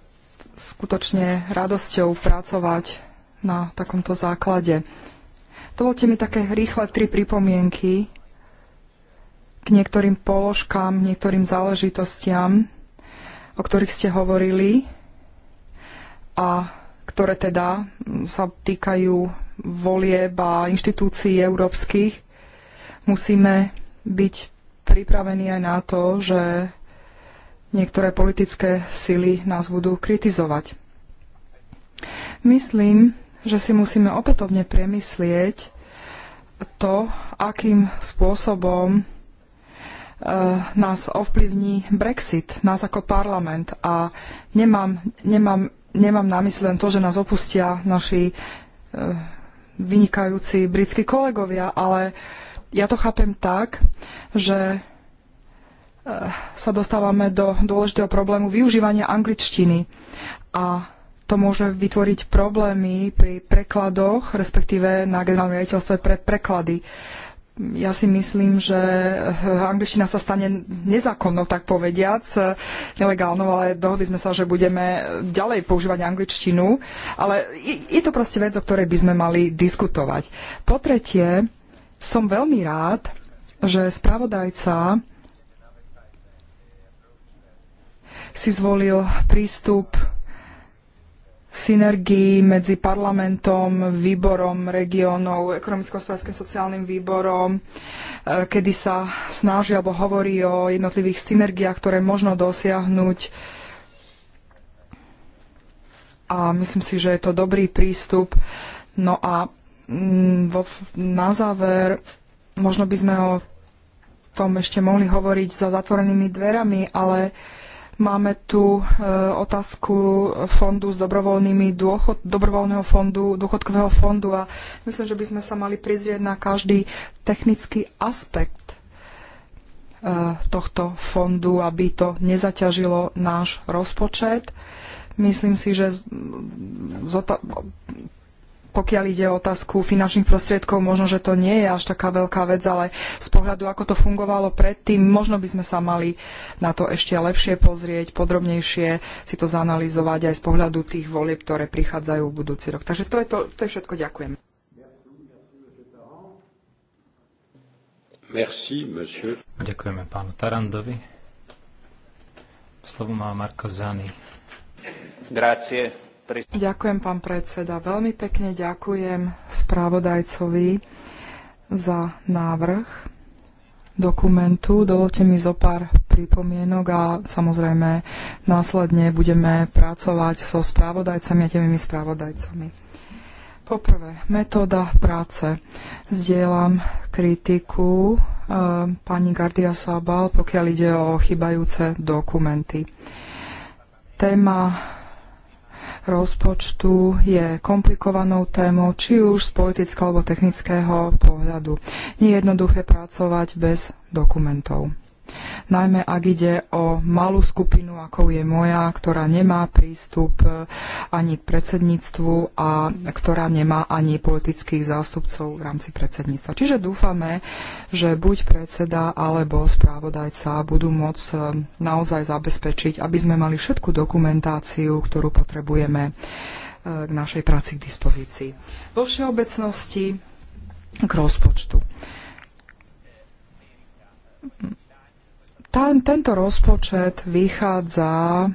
skutočne radosťou pracovať na takomto základe. Dovolte mi také rýchle tri pripomienky k niektorým položkám, niektorým záležitostiam, o ktorých ste hovorili a ktoré teda sa týkajú volieb a inštitúcií európskych. Musíme byť pripravení aj na to, že niektoré politické sily nás budú kritizovať. Myslím, že si musíme opätovne premyslieť to, akým spôsobom e, nás ovplyvní Brexit, nás ako parlament. A nemám, nemám, nemám na mysli len to, že nás opustia naši e, vynikajúci britskí kolegovia, ale ja to chápem tak, že e, sa dostávame do dôležitého problému využívania angličtiny. A to môže vytvoriť problémy pri prekladoch, respektíve na generálnom riaditeľstve pre preklady. Ja si myslím, že angličtina sa stane nezákonnou, tak povediac, nelegálnou, ale dohodli sme sa, že budeme ďalej používať angličtinu. Ale je to proste vec, o ktorej by sme mali diskutovať. Po tretie, som veľmi rád, že spravodajca si zvolil prístup synergii medzi parlamentom, výborom regionov, ekonomicko-hospodárskym sociálnym výborom, e, kedy sa snaží alebo hovorí o jednotlivých synergiách, ktoré možno dosiahnuť. A myslím si, že je to dobrý prístup. No a mm, na záver, možno by sme o tom ešte mohli hovoriť za zatvorenými dverami, ale Máme tu e, otázku fondu z dobrovoľnými dôchod, dobrovoľného fondu, dôchodkového fondu a myslím, že by sme sa mali prizrieť na každý technický aspekt e, tohto fondu, aby to nezaťažilo náš rozpočet. Myslím si, že pokiaľ ide o otázku finančných prostriedkov, možno, že to nie je až taká veľká vec, ale z pohľadu, ako to fungovalo predtým, možno by sme sa mali na to ešte lepšie pozrieť, podrobnejšie si to zanalizovať aj z pohľadu tých volieb, ktoré prichádzajú v budúci rok. Takže to je, to, to je všetko. Ďakujem. Merci, Ďakujeme pánu Tarandovi. Slovo má Marko Zani. Grazie. Ďakujem, pán predseda. Veľmi pekne ďakujem správodajcovi za návrh dokumentu. Dovolte mi zo pár pripomienok a samozrejme následne budeme pracovať so správodajcami a temými správodajcami. Poprvé, metóda práce. Zdieľam kritiku e, pani Gardia Sabal, pokiaľ ide o chybajúce dokumenty. Téma rozpočtu je komplikovanou témou, či už z politického alebo technického pohľadu. Nie je jednoduché pracovať bez dokumentov najmä ak ide o malú skupinu, ako je moja, ktorá nemá prístup e, ani k predsedníctvu a ktorá nemá ani politických zástupcov v rámci predsedníctva. Čiže dúfame, že buď predseda alebo správodajca budú môcť e, naozaj zabezpečiť, aby sme mali všetku dokumentáciu, ktorú potrebujeme e, k našej práci k dispozícii. Vo všeobecnosti k rozpočtu ten, tento rozpočet vychádza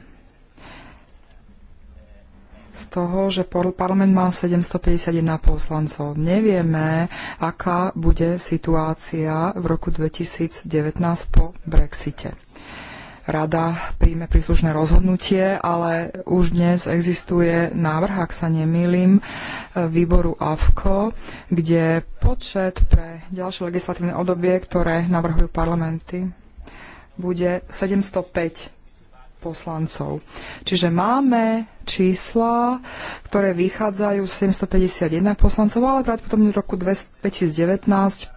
z toho, že parlament má 751 poslancov. Nevieme, aká bude situácia v roku 2019 po Brexite. Rada príjme príslušné rozhodnutie, ale už dnes existuje návrh, ak sa nemýlim, výboru AFKO, kde počet pre ďalšie legislatívne obdobie, ktoré navrhujú parlamenty, bude 705 poslancov. Čiže máme čísla, ktoré vychádzajú 751 poslancov, ale pravdepodobne v roku 2019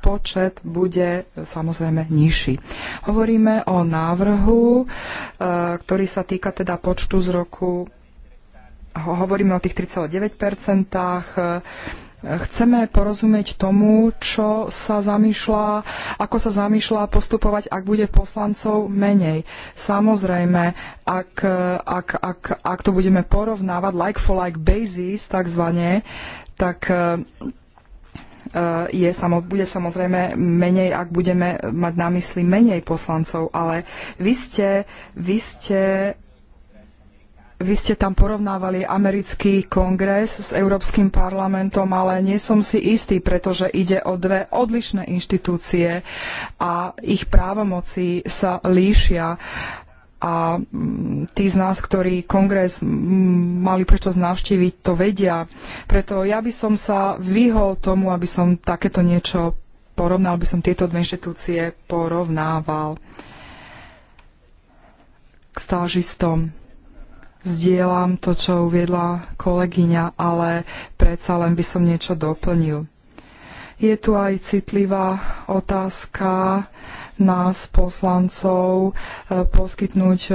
počet bude e, samozrejme nižší. Hovoríme o návrhu, e, ktorý sa týka teda počtu z roku hovoríme o tých 3,9%, chceme porozumieť tomu, čo sa zamýšľa, ako sa zamýšľa postupovať, ak bude poslancov menej. Samozrejme, ak, ak, ak, ak to budeme porovnávať like for like basis, takzvané, tak eh, eh, je, bude samozrejme menej, ak budeme mať na mysli menej poslancov, ale vy ste, vy ste vy ste tam porovnávali americký kongres s Európskym parlamentom, ale nie som si istý, pretože ide o dve odlišné inštitúcie a ich právomoci sa líšia. A mm, tí z nás, ktorí kongres mm, mali prečo navštíviť, to vedia. Preto ja by som sa vyhol tomu, aby som takéto niečo porovnal, by som tieto dve inštitúcie porovnával k stážistom Zdieľam to, čo uviedla kolegyňa, ale predsa len by som niečo doplnil. Je tu aj citlivá otázka nás, poslancov, e, poskytnúť e,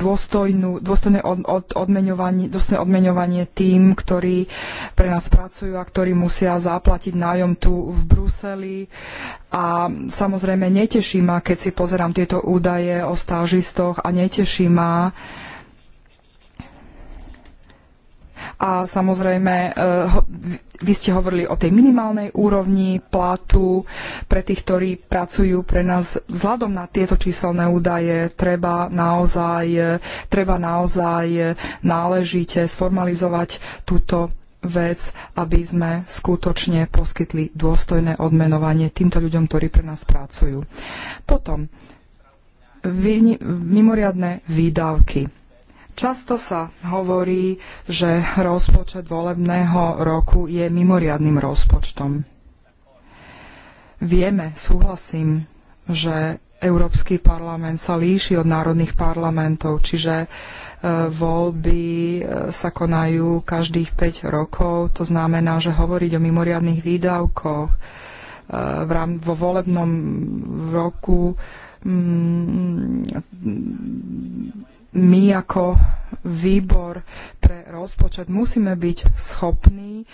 dôstojnú, dôstojné, od, odmeňovanie, dôstojné odmeňovanie tým, ktorí pre nás pracujú a ktorí musia zaplatiť nájom tu v Bruseli. A samozrejme neteší ma, keď si pozerám tieto údaje o stážistoch a neteší ma, A samozrejme, e, vy ste hovorili o tej minimálnej úrovni platu pre tých, ktorí pracujú pre nás. Vzhľadom na tieto číselné údaje treba naozaj, e, treba naozaj e, náležite sformalizovať túto vec, aby sme skutočne poskytli dôstojné odmenovanie týmto ľuďom, ktorí pre nás pracujú. Potom, mimoriadne výdavky Často sa hovorí, že rozpočet volebného roku je mimoriadným rozpočtom. Vieme, súhlasím, že Európsky parlament sa líši od národných parlamentov, čiže e, voľby e, sa konajú každých 5 rokov. To znamená, že hovoriť o mimoriadných výdavkoch e, vo volebnom roku mm, my ako výbor pre rozpočet musíme byť schopní e,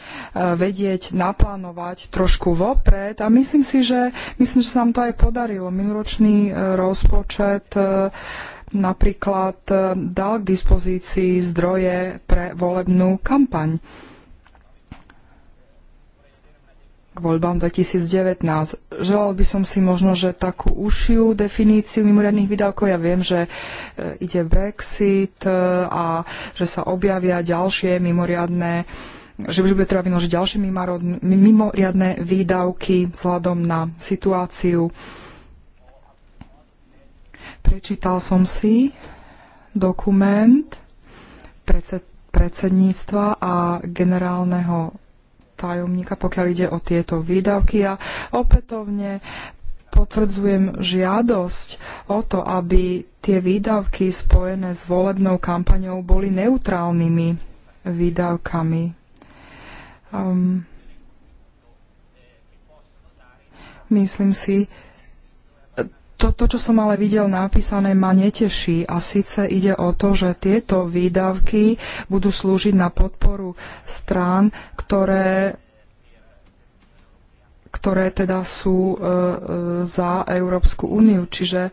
vedieť naplánovať trošku vopred a myslím si, že, myslím, že sa nám to aj podarilo. Minuloročný e, rozpočet e, napríklad dal k dispozícii zdroje pre volebnú kampaň k voľbám 2019. Želal by som si možno, že takú užšiu definíciu mimoriadných výdavkov. Ja viem, že e, ide Brexit e, a že sa objavia ďalšie mimoriadné že už bude treba vynožiť ďalšie mimoriadne výdavky vzhľadom na situáciu. Prečítal som si dokument predsedníctva a generálneho tajomníka, pokiaľ ide o tieto výdavky a opätovne potvrdzujem žiadosť o to, aby tie výdavky spojené s volebnou kampaňou boli neutrálnymi výdavkami. Um, myslím si, to, to, čo som ale videl napísané, ma neteší a síce ide o to, že tieto výdavky budú slúžiť na podporu strán, ktoré ktoré teda sú e, e, za Európsku úniu. Čiže e,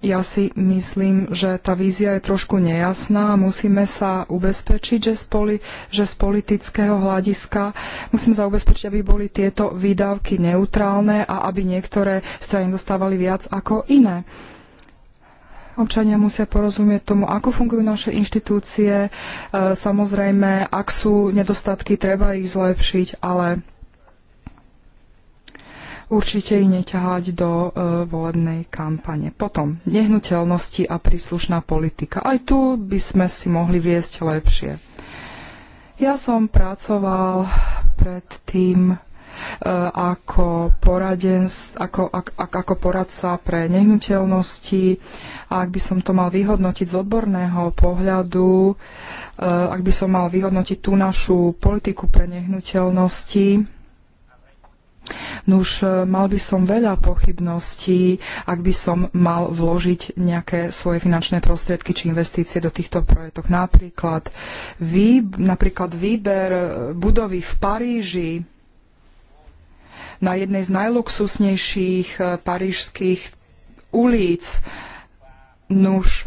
ja si myslím, že tá vízia je trošku nejasná a musíme sa ubezpečiť, že z, poli, že z politického hľadiska musíme sa ubezpečiť, aby boli tieto výdavky neutrálne a aby niektoré strany dostávali viac ako iné. Občania musia porozumieť tomu, ako fungujú naše inštitúcie. E, samozrejme, ak sú nedostatky, treba ich zlepšiť, ale určite ich neťahať do e, volebnej kampane. Potom nehnuteľnosti a príslušná politika. Aj tu by sme si mohli viesť lepšie. Ja som pracoval predtým e, ako, poradenc, ako, ak, ako poradca pre nehnuteľnosti a ak by som to mal vyhodnotiť z odborného pohľadu, e, ak by som mal vyhodnotiť tú našu politiku pre nehnuteľnosti, No už e, mal by som veľa pochybností, ak by som mal vložiť nejaké svoje finančné prostriedky či investície do týchto projektov. Napríklad, vý, napríklad výber e, budovy v Paríži, na jednej z najluxusnejších e, parížských ulic. Nuž,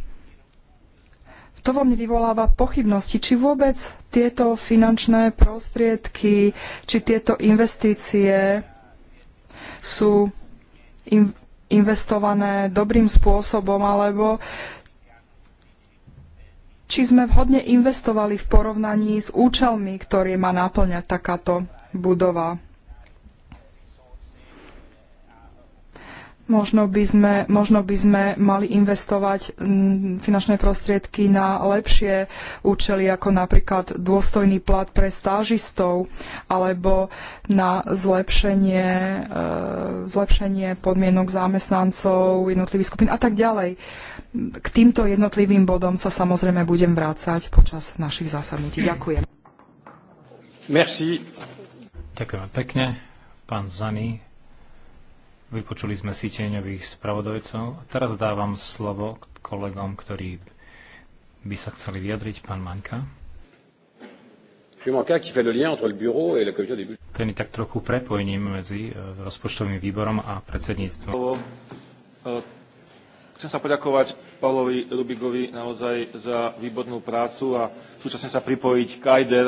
to vo mne vyvoláva pochybnosti, či vôbec tieto finančné prostriedky, či tieto investície sú investované dobrým spôsobom, alebo či sme vhodne investovali v porovnaní s účelmi, ktoré má naplňať takáto budova. Možno by, sme, možno by sme mali investovať finančné prostriedky na lepšie účely, ako napríklad dôstojný plat pre stážistov alebo na zlepšenie, e, zlepšenie podmienok zamestnancov jednotlivých skupín a tak ďalej. K týmto jednotlivým bodom sa samozrejme budem vrácať počas našich zasadnutí. Ďakujem. Merci. Ďakujem pekne. Pán Zany, Vypočuli sme si tieňových spravodajcov. Teraz dávam slovo kolegom, ktorí by sa chceli vyjadriť. Pán Maňka. Ten je tak trochu prepojením medzi e, rozpočtovým výborom a predsedníctvom. E, chcem sa poďakovať Pavlovi Rubigovi naozaj za výbornú prácu a súčasne sa pripojiť k Ajder,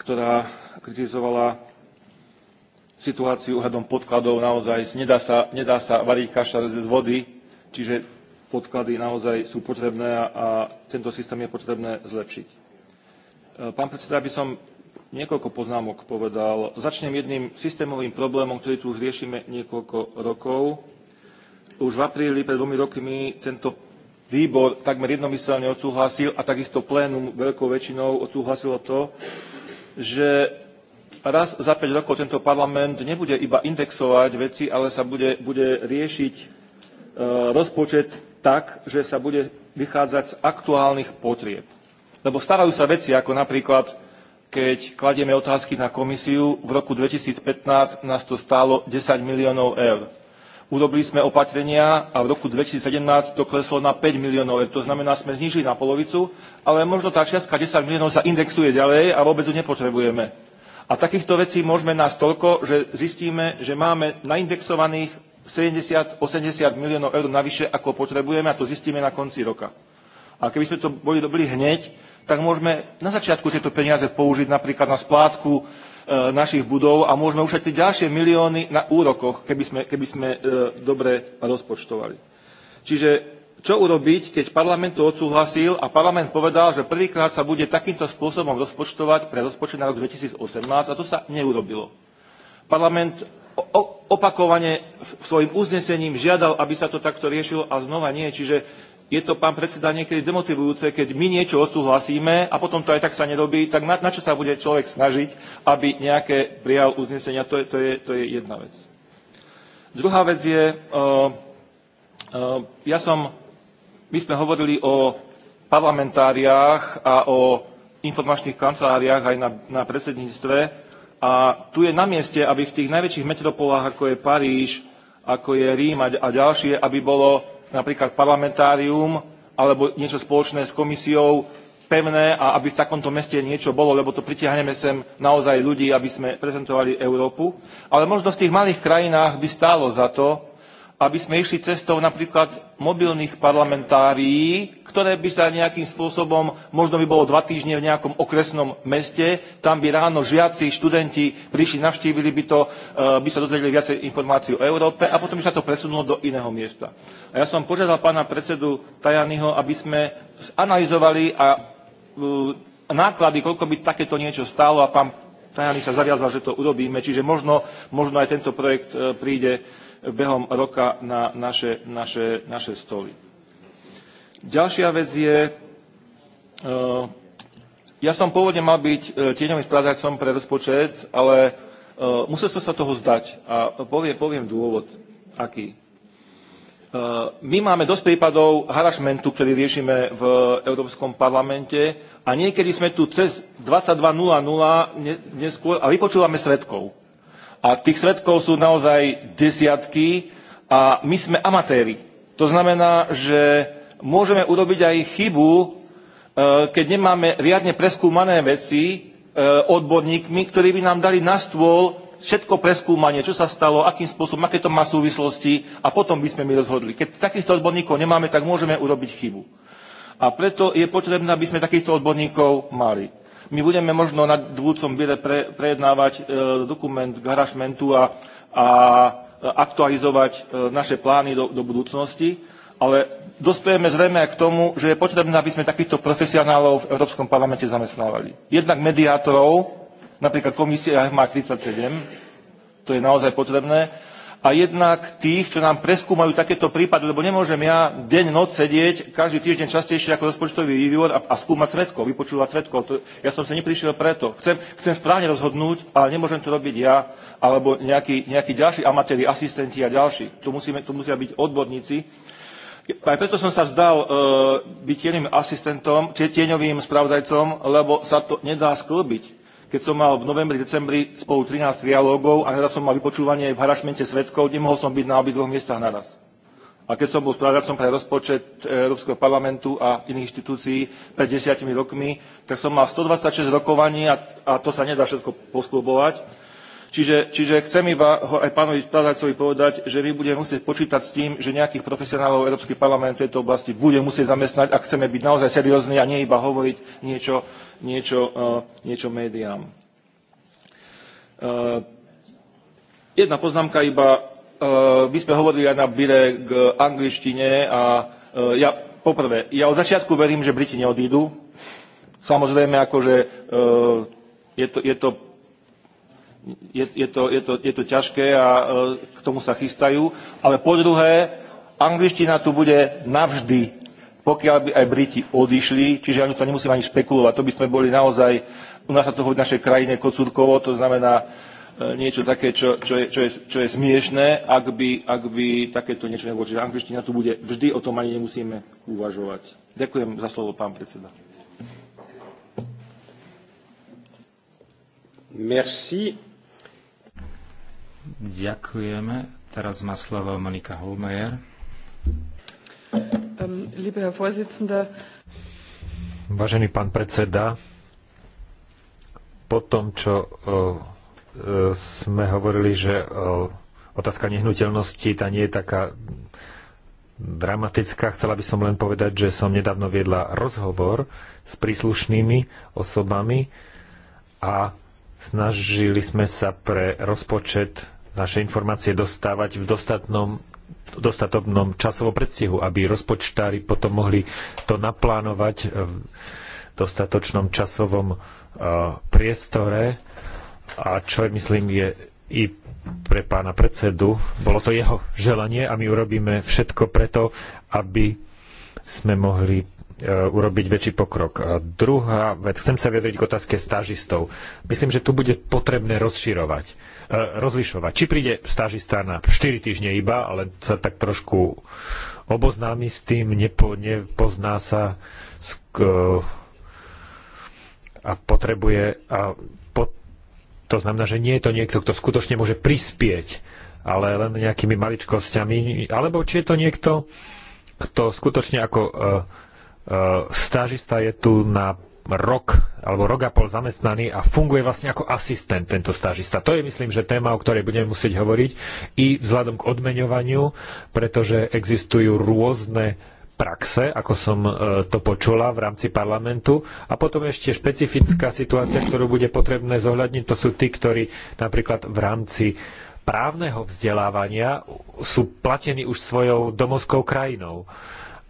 ktorá kritizovala situáciu ohľadom podkladov naozaj nedá sa, nedá sa variť kaša z vody, čiže podklady naozaj sú potrebné a, a tento systém je potrebné zlepšiť. E, pán predseda, by som niekoľko poznámok povedal. Začnem jedným systémovým problémom, ktorý tu už riešime niekoľko rokov. Už v apríli pred dvomi rokmi tento výbor takmer jednomyselne odsúhlasil a takisto plénum veľkou väčšinou odsúhlasilo to, že raz za 5 rokov tento parlament nebude iba indexovať veci, ale sa bude, bude riešiť e, rozpočet tak, že sa bude vychádzať z aktuálnych potrieb. Lebo starajú sa veci, ako napríklad, keď kladieme otázky na komisiu, v roku 2015 nás to stálo 10 miliónov eur. Urobili sme opatrenia a v roku 2017 to kleslo na 5 miliónov eur. To znamená, sme znižili na polovicu, ale možno tá čiastka 10 miliónov sa indexuje ďalej a vôbec ju nepotrebujeme. A takýchto vecí môžeme nás toľko, že zistíme, že máme naindexovaných 70-80 miliónov eur navyše, ako potrebujeme a to zistíme na konci roka. A keby sme to boli dobili hneď, tak môžeme na začiatku tieto peniaze použiť napríklad na splátku e, našich budov a môžeme ušetriť ďalšie milióny na úrokoch, keby sme, keby sme e, dobre rozpočtovali. Čiže čo urobiť, keď parlament to odsúhlasil a parlament povedal, že prvýkrát sa bude takýmto spôsobom rozpočtovať pre rozpočet na rok 2018 a to sa neurobilo. Parlament opakovane svojim uznesením žiadal, aby sa to takto riešilo a znova nie. Čiže je to, pán predseda, niekedy demotivujúce, keď my niečo odsúhlasíme a potom to aj tak sa nerobí, tak na, na čo sa bude človek snažiť, aby nejaké prijal uznesenia, to je, to je, to je jedna vec. Druhá vec je, uh, uh, ja som my sme hovorili o parlamentáriách a o informačných kanceláriách aj na, na predsedníctve a tu je na mieste, aby v tých najväčších metropolách, ako je Paríž, ako je Rím a, a ďalšie, aby bolo napríklad parlamentárium alebo niečo spoločné s komisiou pevné a aby v takomto meste niečo bolo, lebo to pritiahneme sem naozaj ľudí, aby sme prezentovali Európu. Ale možno v tých malých krajinách by stálo za to, aby sme išli cestou napríklad mobilných parlamentárií, ktoré by sa nejakým spôsobom, možno by bolo dva týždne v nejakom okresnom meste, tam by ráno žiaci, študenti prišli, navštívili by to, e, by sa dozvedeli viacej informácií o Európe a potom by sa to presunulo do iného miesta. A ja som požiadal pána predsedu Tajanyho, aby sme analyzovali a e, náklady, koľko by takéto niečo stálo a pán Tajani sa zaviazal, že to urobíme, čiže možno, možno aj tento projekt e, príde behom roka na naše, naše, naše stoly. Ďalšia vec je, eh, ja som pôvodne mal byť eh, tieňovým spravodajcom pre rozpočet, ale eh, musel som sa toho zdať a poviem, poviem dôvod, aký. My máme dosť prípadov harašmentu, ktorý riešime v Európskom parlamente a niekedy sme tu cez 22.00 neskôr a vypočúvame svetkov. A tých svetkov sú naozaj desiatky a my sme amatéri. To znamená, že môžeme urobiť aj chybu, e, keď nemáme riadne preskúmané veci e, odborníkmi, ktorí by nám dali na stôl všetko preskúmanie, čo sa stalo, akým spôsobom, aké to má súvislosti a potom by sme my rozhodli. Keď takýchto odborníkov nemáme, tak môžeme urobiť chybu. A preto je potrebné, aby sme takýchto odborníkov mali. My budeme možno na budúcom biere pre, prejednávať e, dokument garažmentu a, a e, aktualizovať e, naše plány do, do budúcnosti, ale dospejeme zrejme aj k tomu, že je potrebné, aby sme takýchto profesionálov v Európskom parlamente zamestnávali. Jednak mediátorov, napríklad komisia má 37, to je naozaj potrebné, a jednak tých, čo nám preskúmajú takéto prípady, lebo nemôžem ja deň, noc sedieť, každý týždeň častejšie ako rozpočtový vývod a, a skúmať svetko, vypočúvať svetko. To, ja som sa neprišiel preto. Chcem, chcem správne rozhodnúť, ale nemôžem to robiť ja, alebo nejakí, nejakí ďalší amatéri, asistenti a ďalší. Tu, musíme, tu musia byť odborníci. Aj preto som sa vzdal uh, byť tieňovým asistentom, tieňovým spravodajcom, lebo sa to nedá sklbiť keď som mal v novembri, decembri spolu 13 trialógov a raz som mal vypočúvanie v harašmente svetkov, nemohol som byť na obi dvoch miestach naraz. A keď som bol spravodajcom pre rozpočet e, Európskeho parlamentu a iných inštitúcií pred desiatimi rokmi, tak som mal 126 rokovaní a, a to sa nedá všetko posklubovať. Čiže, čiže chcem iba ho aj pánovi Plazácovi povedať, že my budeme musieť počítať s tým, že nejakých profesionálov Európsky parlament v tejto oblasti bude musieť zamestnať, ak chceme byť naozaj seriózni a nie iba hovoriť niečo, niečo, e, niečo médiám. E, jedna poznámka iba. E, my sme hovorili aj na Bire k angličtine a ja poprvé, ja od začiatku verím, že Briti neodídu. Samozrejme, akože je to, je to je, je, to, je, to, je to ťažké a k tomu sa chystajú. Ale po druhé, angličtina tu bude navždy pokiaľ by aj Briti odišli, čiže ani to nemusím ani špekulovať, to by sme boli naozaj, u nás sa to hovorí v našej krajine kocúrkovo, to znamená e, niečo také, čo, čo, je, čo, je, čo je smiešné, ak by, ak by takéto niečo nebolo. Čiže angličtina tu bude vždy, o tom ani nemusíme uvažovať. Ďakujem za slovo, pán predseda. Merci. Ďakujeme. Teraz má slovo Monika Holmeier. Vážený pán predseda, po tom, čo sme hovorili, že otázka nehnuteľnosti tá nie je taká dramatická, chcela by som len povedať, že som nedávno viedla rozhovor s príslušnými osobami a snažili sme sa pre rozpočet naše informácie dostávať v dostatnom dostatoknom časovom predstihu, aby rozpočtári potom mohli to naplánovať v dostatočnom časovom e, priestore. A čo myslím je i pre pána predsedu, bolo to jeho želanie a my urobíme všetko preto, aby sme mohli e, urobiť väčší pokrok. A druhá vec, chcem sa vyjadriť k otázke stážistov. Myslím, že tu bude potrebné rozširovať E, rozlišovať. Či príde stážista na 4 týždne iba, ale sa tak trošku oboznámi s tým, nepo, nepozná sa sk, e, a potrebuje a po, to znamená, že nie je to niekto, kto skutočne môže prispieť, ale len nejakými maličkosťami, alebo či je to niekto, kto skutočne ako uh, uh, stážista je tu na rok alebo rok a pol zamestnaný a funguje vlastne ako asistent tento stážista. To je myslím, že téma, o ktorej budeme musieť hovoriť i vzhľadom k odmeňovaniu, pretože existujú rôzne praxe, ako som e, to počula v rámci parlamentu. A potom ešte špecifická situácia, ktorú bude potrebné zohľadniť, to sú tí, ktorí napríklad v rámci právneho vzdelávania sú platení už svojou domovskou krajinou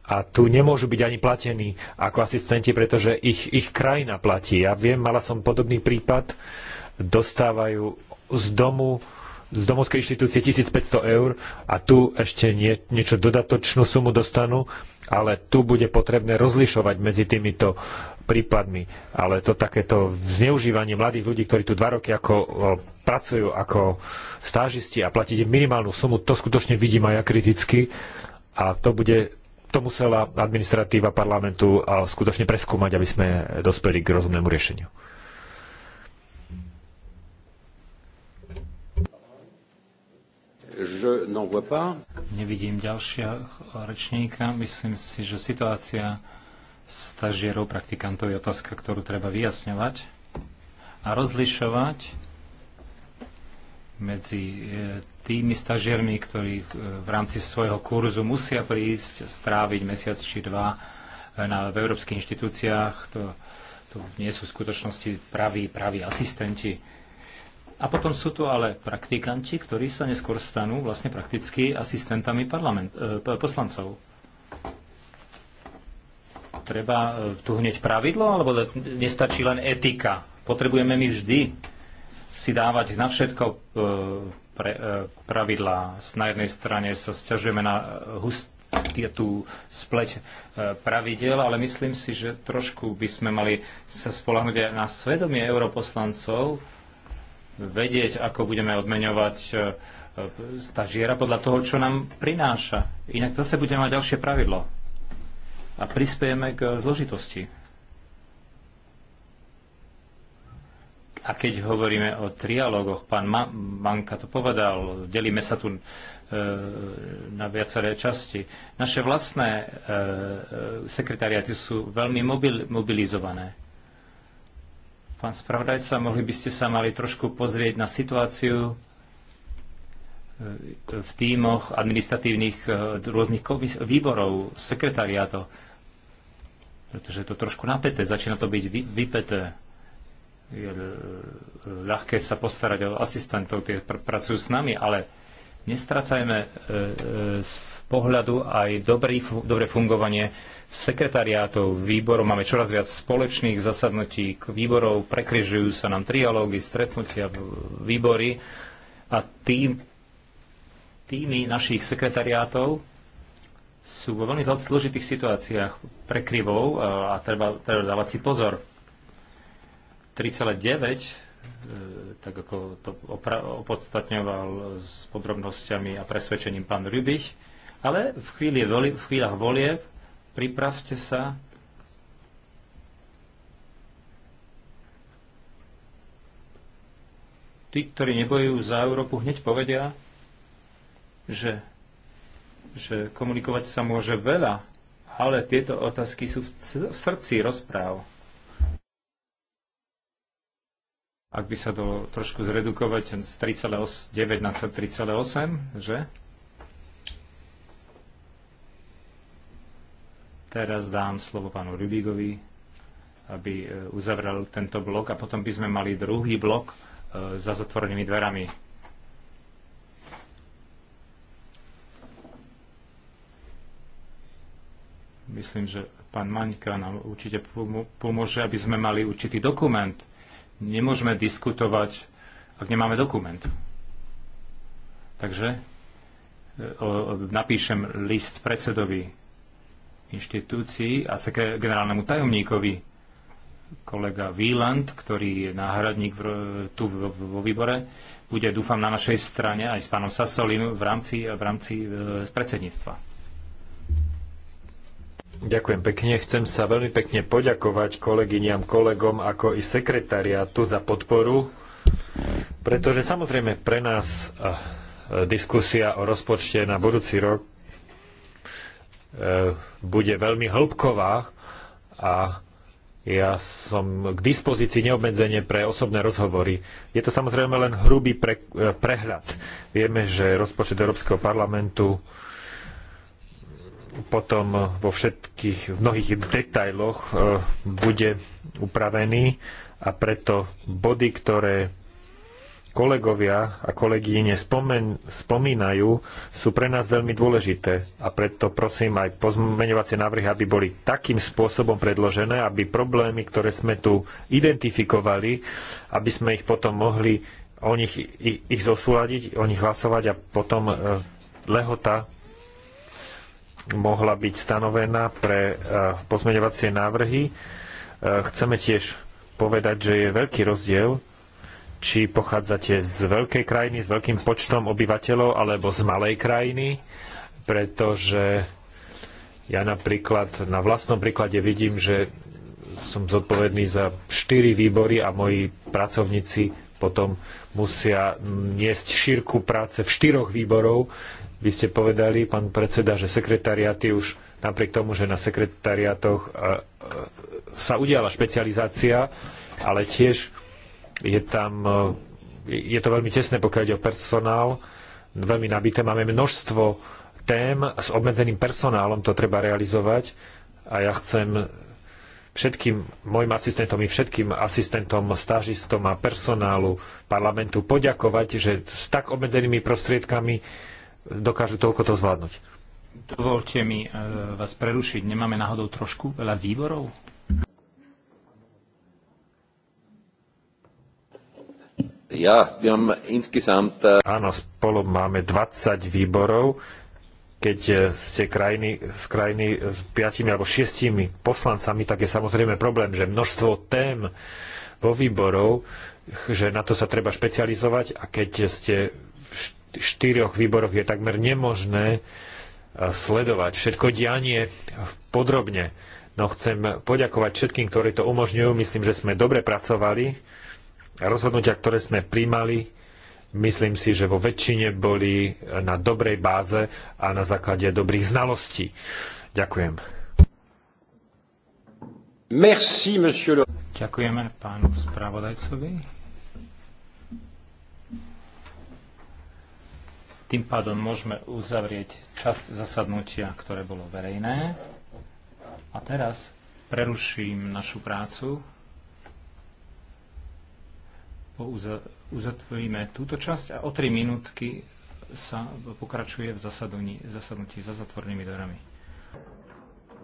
a tu nemôžu byť ani platení ako asistenti, pretože ich, ich krajina platí. Ja viem, mala som podobný prípad, dostávajú z domu z domovskej inštitúcie 1500 eur a tu ešte nie, niečo dodatočnú sumu dostanú, ale tu bude potrebné rozlišovať medzi týmito prípadmi. Ale to takéto zneužívanie mladých ľudí, ktorí tu dva roky ako o, e, pracujú ako stážisti a platíte minimálnu sumu, to skutočne vidím aj ja kriticky a to bude to musela administratíva parlamentu skutočne preskúmať, aby sme dospeli k rozumnému riešeniu. Nevidím ďalšia rečníka. Myslím si, že situácia stažierov, praktikantov je otázka, ktorú treba vyjasňovať a rozlišovať medzi e, tými stažiermi, ktorí e, v rámci svojho kurzu musia prísť, stráviť mesiac či dva e, na, v európskych inštitúciách. To, to nie sú v skutočnosti praví, praví asistenti. A potom sú tu ale praktikanti, ktorí sa neskôr stanú vlastne prakticky asistentami parlament, poslancov. Treba tu hneď pravidlo, alebo nestačí len etika. Potrebujeme my vždy si dávať na všetko e, pre, e, pravidlá. Na jednej strane sa sťažujeme na hustú spleť e, pravidel, ale myslím si, že trošku by sme mali sa spolahnuť aj na svedomie europoslancov, vedieť, ako budeme odmeňovať stažiera podľa toho, čo nám prináša. Inak zase budeme mať ďalšie pravidlo a prispiejeme k zložitosti. A keď hovoríme o trialógoch, pán Ma- Manka to povedal, delíme sa tu e, na viaceré časti. Naše vlastné e, e sekretariaty sú veľmi mobil- mobilizované. Pán spravodajca, mohli by ste sa mali trošku pozrieť na situáciu e, v týmoch administratívnych e, rôznych výborov, sekretariátov, pretože je to trošku napäté, začína to byť vypeté je e, ľahké sa postarať o asistentov, ktorí pr- pracujú s nami, ale nestracajme e, e z pohľadu aj dobrý, dobre fungovanie sekretariátov výborov. Máme čoraz viac spoločných zasadnutí k výborov, prekryžujú sa nám trialógy, stretnutia, výbory a tým, týmy našich sekretariátov sú vo veľmi zložitých situáciách prekryvou a, a treba, treba dávať si pozor 3,9, e, tak ako to opodstatňoval s podrobnosťami a presvedčením pán Rybich, ale v, chvíli, v chvíľach volieb pripravte sa tí, ktorí nebojujú za Európu, hneď povedia, že, že komunikovať sa môže veľa, ale tieto otázky sú v, v srdci rozpráv. ak by sa to trošku zredukovať z 3,9 na 3,8, že? Teraz dám slovo pánu Rubigovi, aby e, uzavrel tento blok a potom by sme mali druhý blok e, za zatvorenými dverami. Myslím, že pán Maňka nám určite pomôže, aby sme mali určitý dokument, nemôžeme diskutovať, ak nemáme dokument. Takže e, napíšem list predsedovi inštitúcií a generálnemu tajomníkovi kolega Wieland, ktorý je náhradník v, tu vo výbore, bude, dúfam, na našej strane aj s pánom Sasolim v rámci, v rámci e, predsedníctva. Ďakujem pekne. Chcem sa veľmi pekne poďakovať kolegyniam, kolegom, ako i sekretariátu za podporu, pretože samozrejme pre nás eh, diskusia o rozpočte na budúci rok eh, bude veľmi hĺbková a ja som k dispozícii neobmedzenie pre osobné rozhovory. Je to samozrejme len hrubý pre, eh, prehľad. Vieme, že rozpočet Európskeho parlamentu potom vo všetkých, v mnohých detailoch e, bude upravený a preto body, ktoré kolegovia a kolegyne spomen, spomínajú, sú pre nás veľmi dôležité a preto prosím aj pozmeňovacie návrhy, aby boli takým spôsobom predložené, aby problémy, ktoré sme tu identifikovali, aby sme ich potom mohli o nich ich, zosúľadiť, o nich hlasovať a potom e, lehota mohla byť stanovená pre e, pozmeňovacie návrhy. E, chceme tiež povedať, že je veľký rozdiel, či pochádzate z veľkej krajiny s veľkým počtom obyvateľov alebo z malej krajiny, pretože ja napríklad na vlastnom príklade vidím, že som zodpovedný za štyri výbory a moji pracovníci potom musia niesť šírku práce v štyroch výborov, vy ste povedali, pán predseda, že sekretariaty už napriek tomu, že na sekretariatoch e, e, sa udiala špecializácia, ale tiež je tam, e, je to veľmi tesné, pokiaľ ide o personál, veľmi nabité. Máme množstvo tém s obmedzeným personálom, to treba realizovať a ja chcem všetkým mojim asistentom i všetkým asistentom, stážistom a personálu parlamentu poďakovať, že s tak obmedzenými prostriedkami dokážu toľko to zvládnuť. Dovolte mi e, vás prerušiť. Nemáme náhodou trošku veľa výborov? Ja, ja mám insgesamt... Áno, spolu máme 20 výborov. Keď e, ste krajiny, z krajiny s piatimi alebo šiestimi poslancami, tak je samozrejme problém, že množstvo tém vo výborov, že na to sa treba špecializovať a keď ste štyroch výboroch je takmer nemožné e, sledovať všetko dianie podrobne. No chcem poďakovať všetkým, ktorí to umožňujú. Myslím, že sme dobre pracovali. Rozhodnutia, ktoré sme príjmali, myslím si, že vo väčšine boli na dobrej báze a na základe dobrých znalostí. Ďakujem. Merci, monsieur... Ďakujeme pánu spravodajcovi. Tým pádom môžeme uzavrieť časť zasadnutia, ktoré bolo verejné. A teraz preruším našu prácu. Uzatvoríme túto časť a o 3 minútky sa pokračuje v zasadnutí za zatvornými dverami.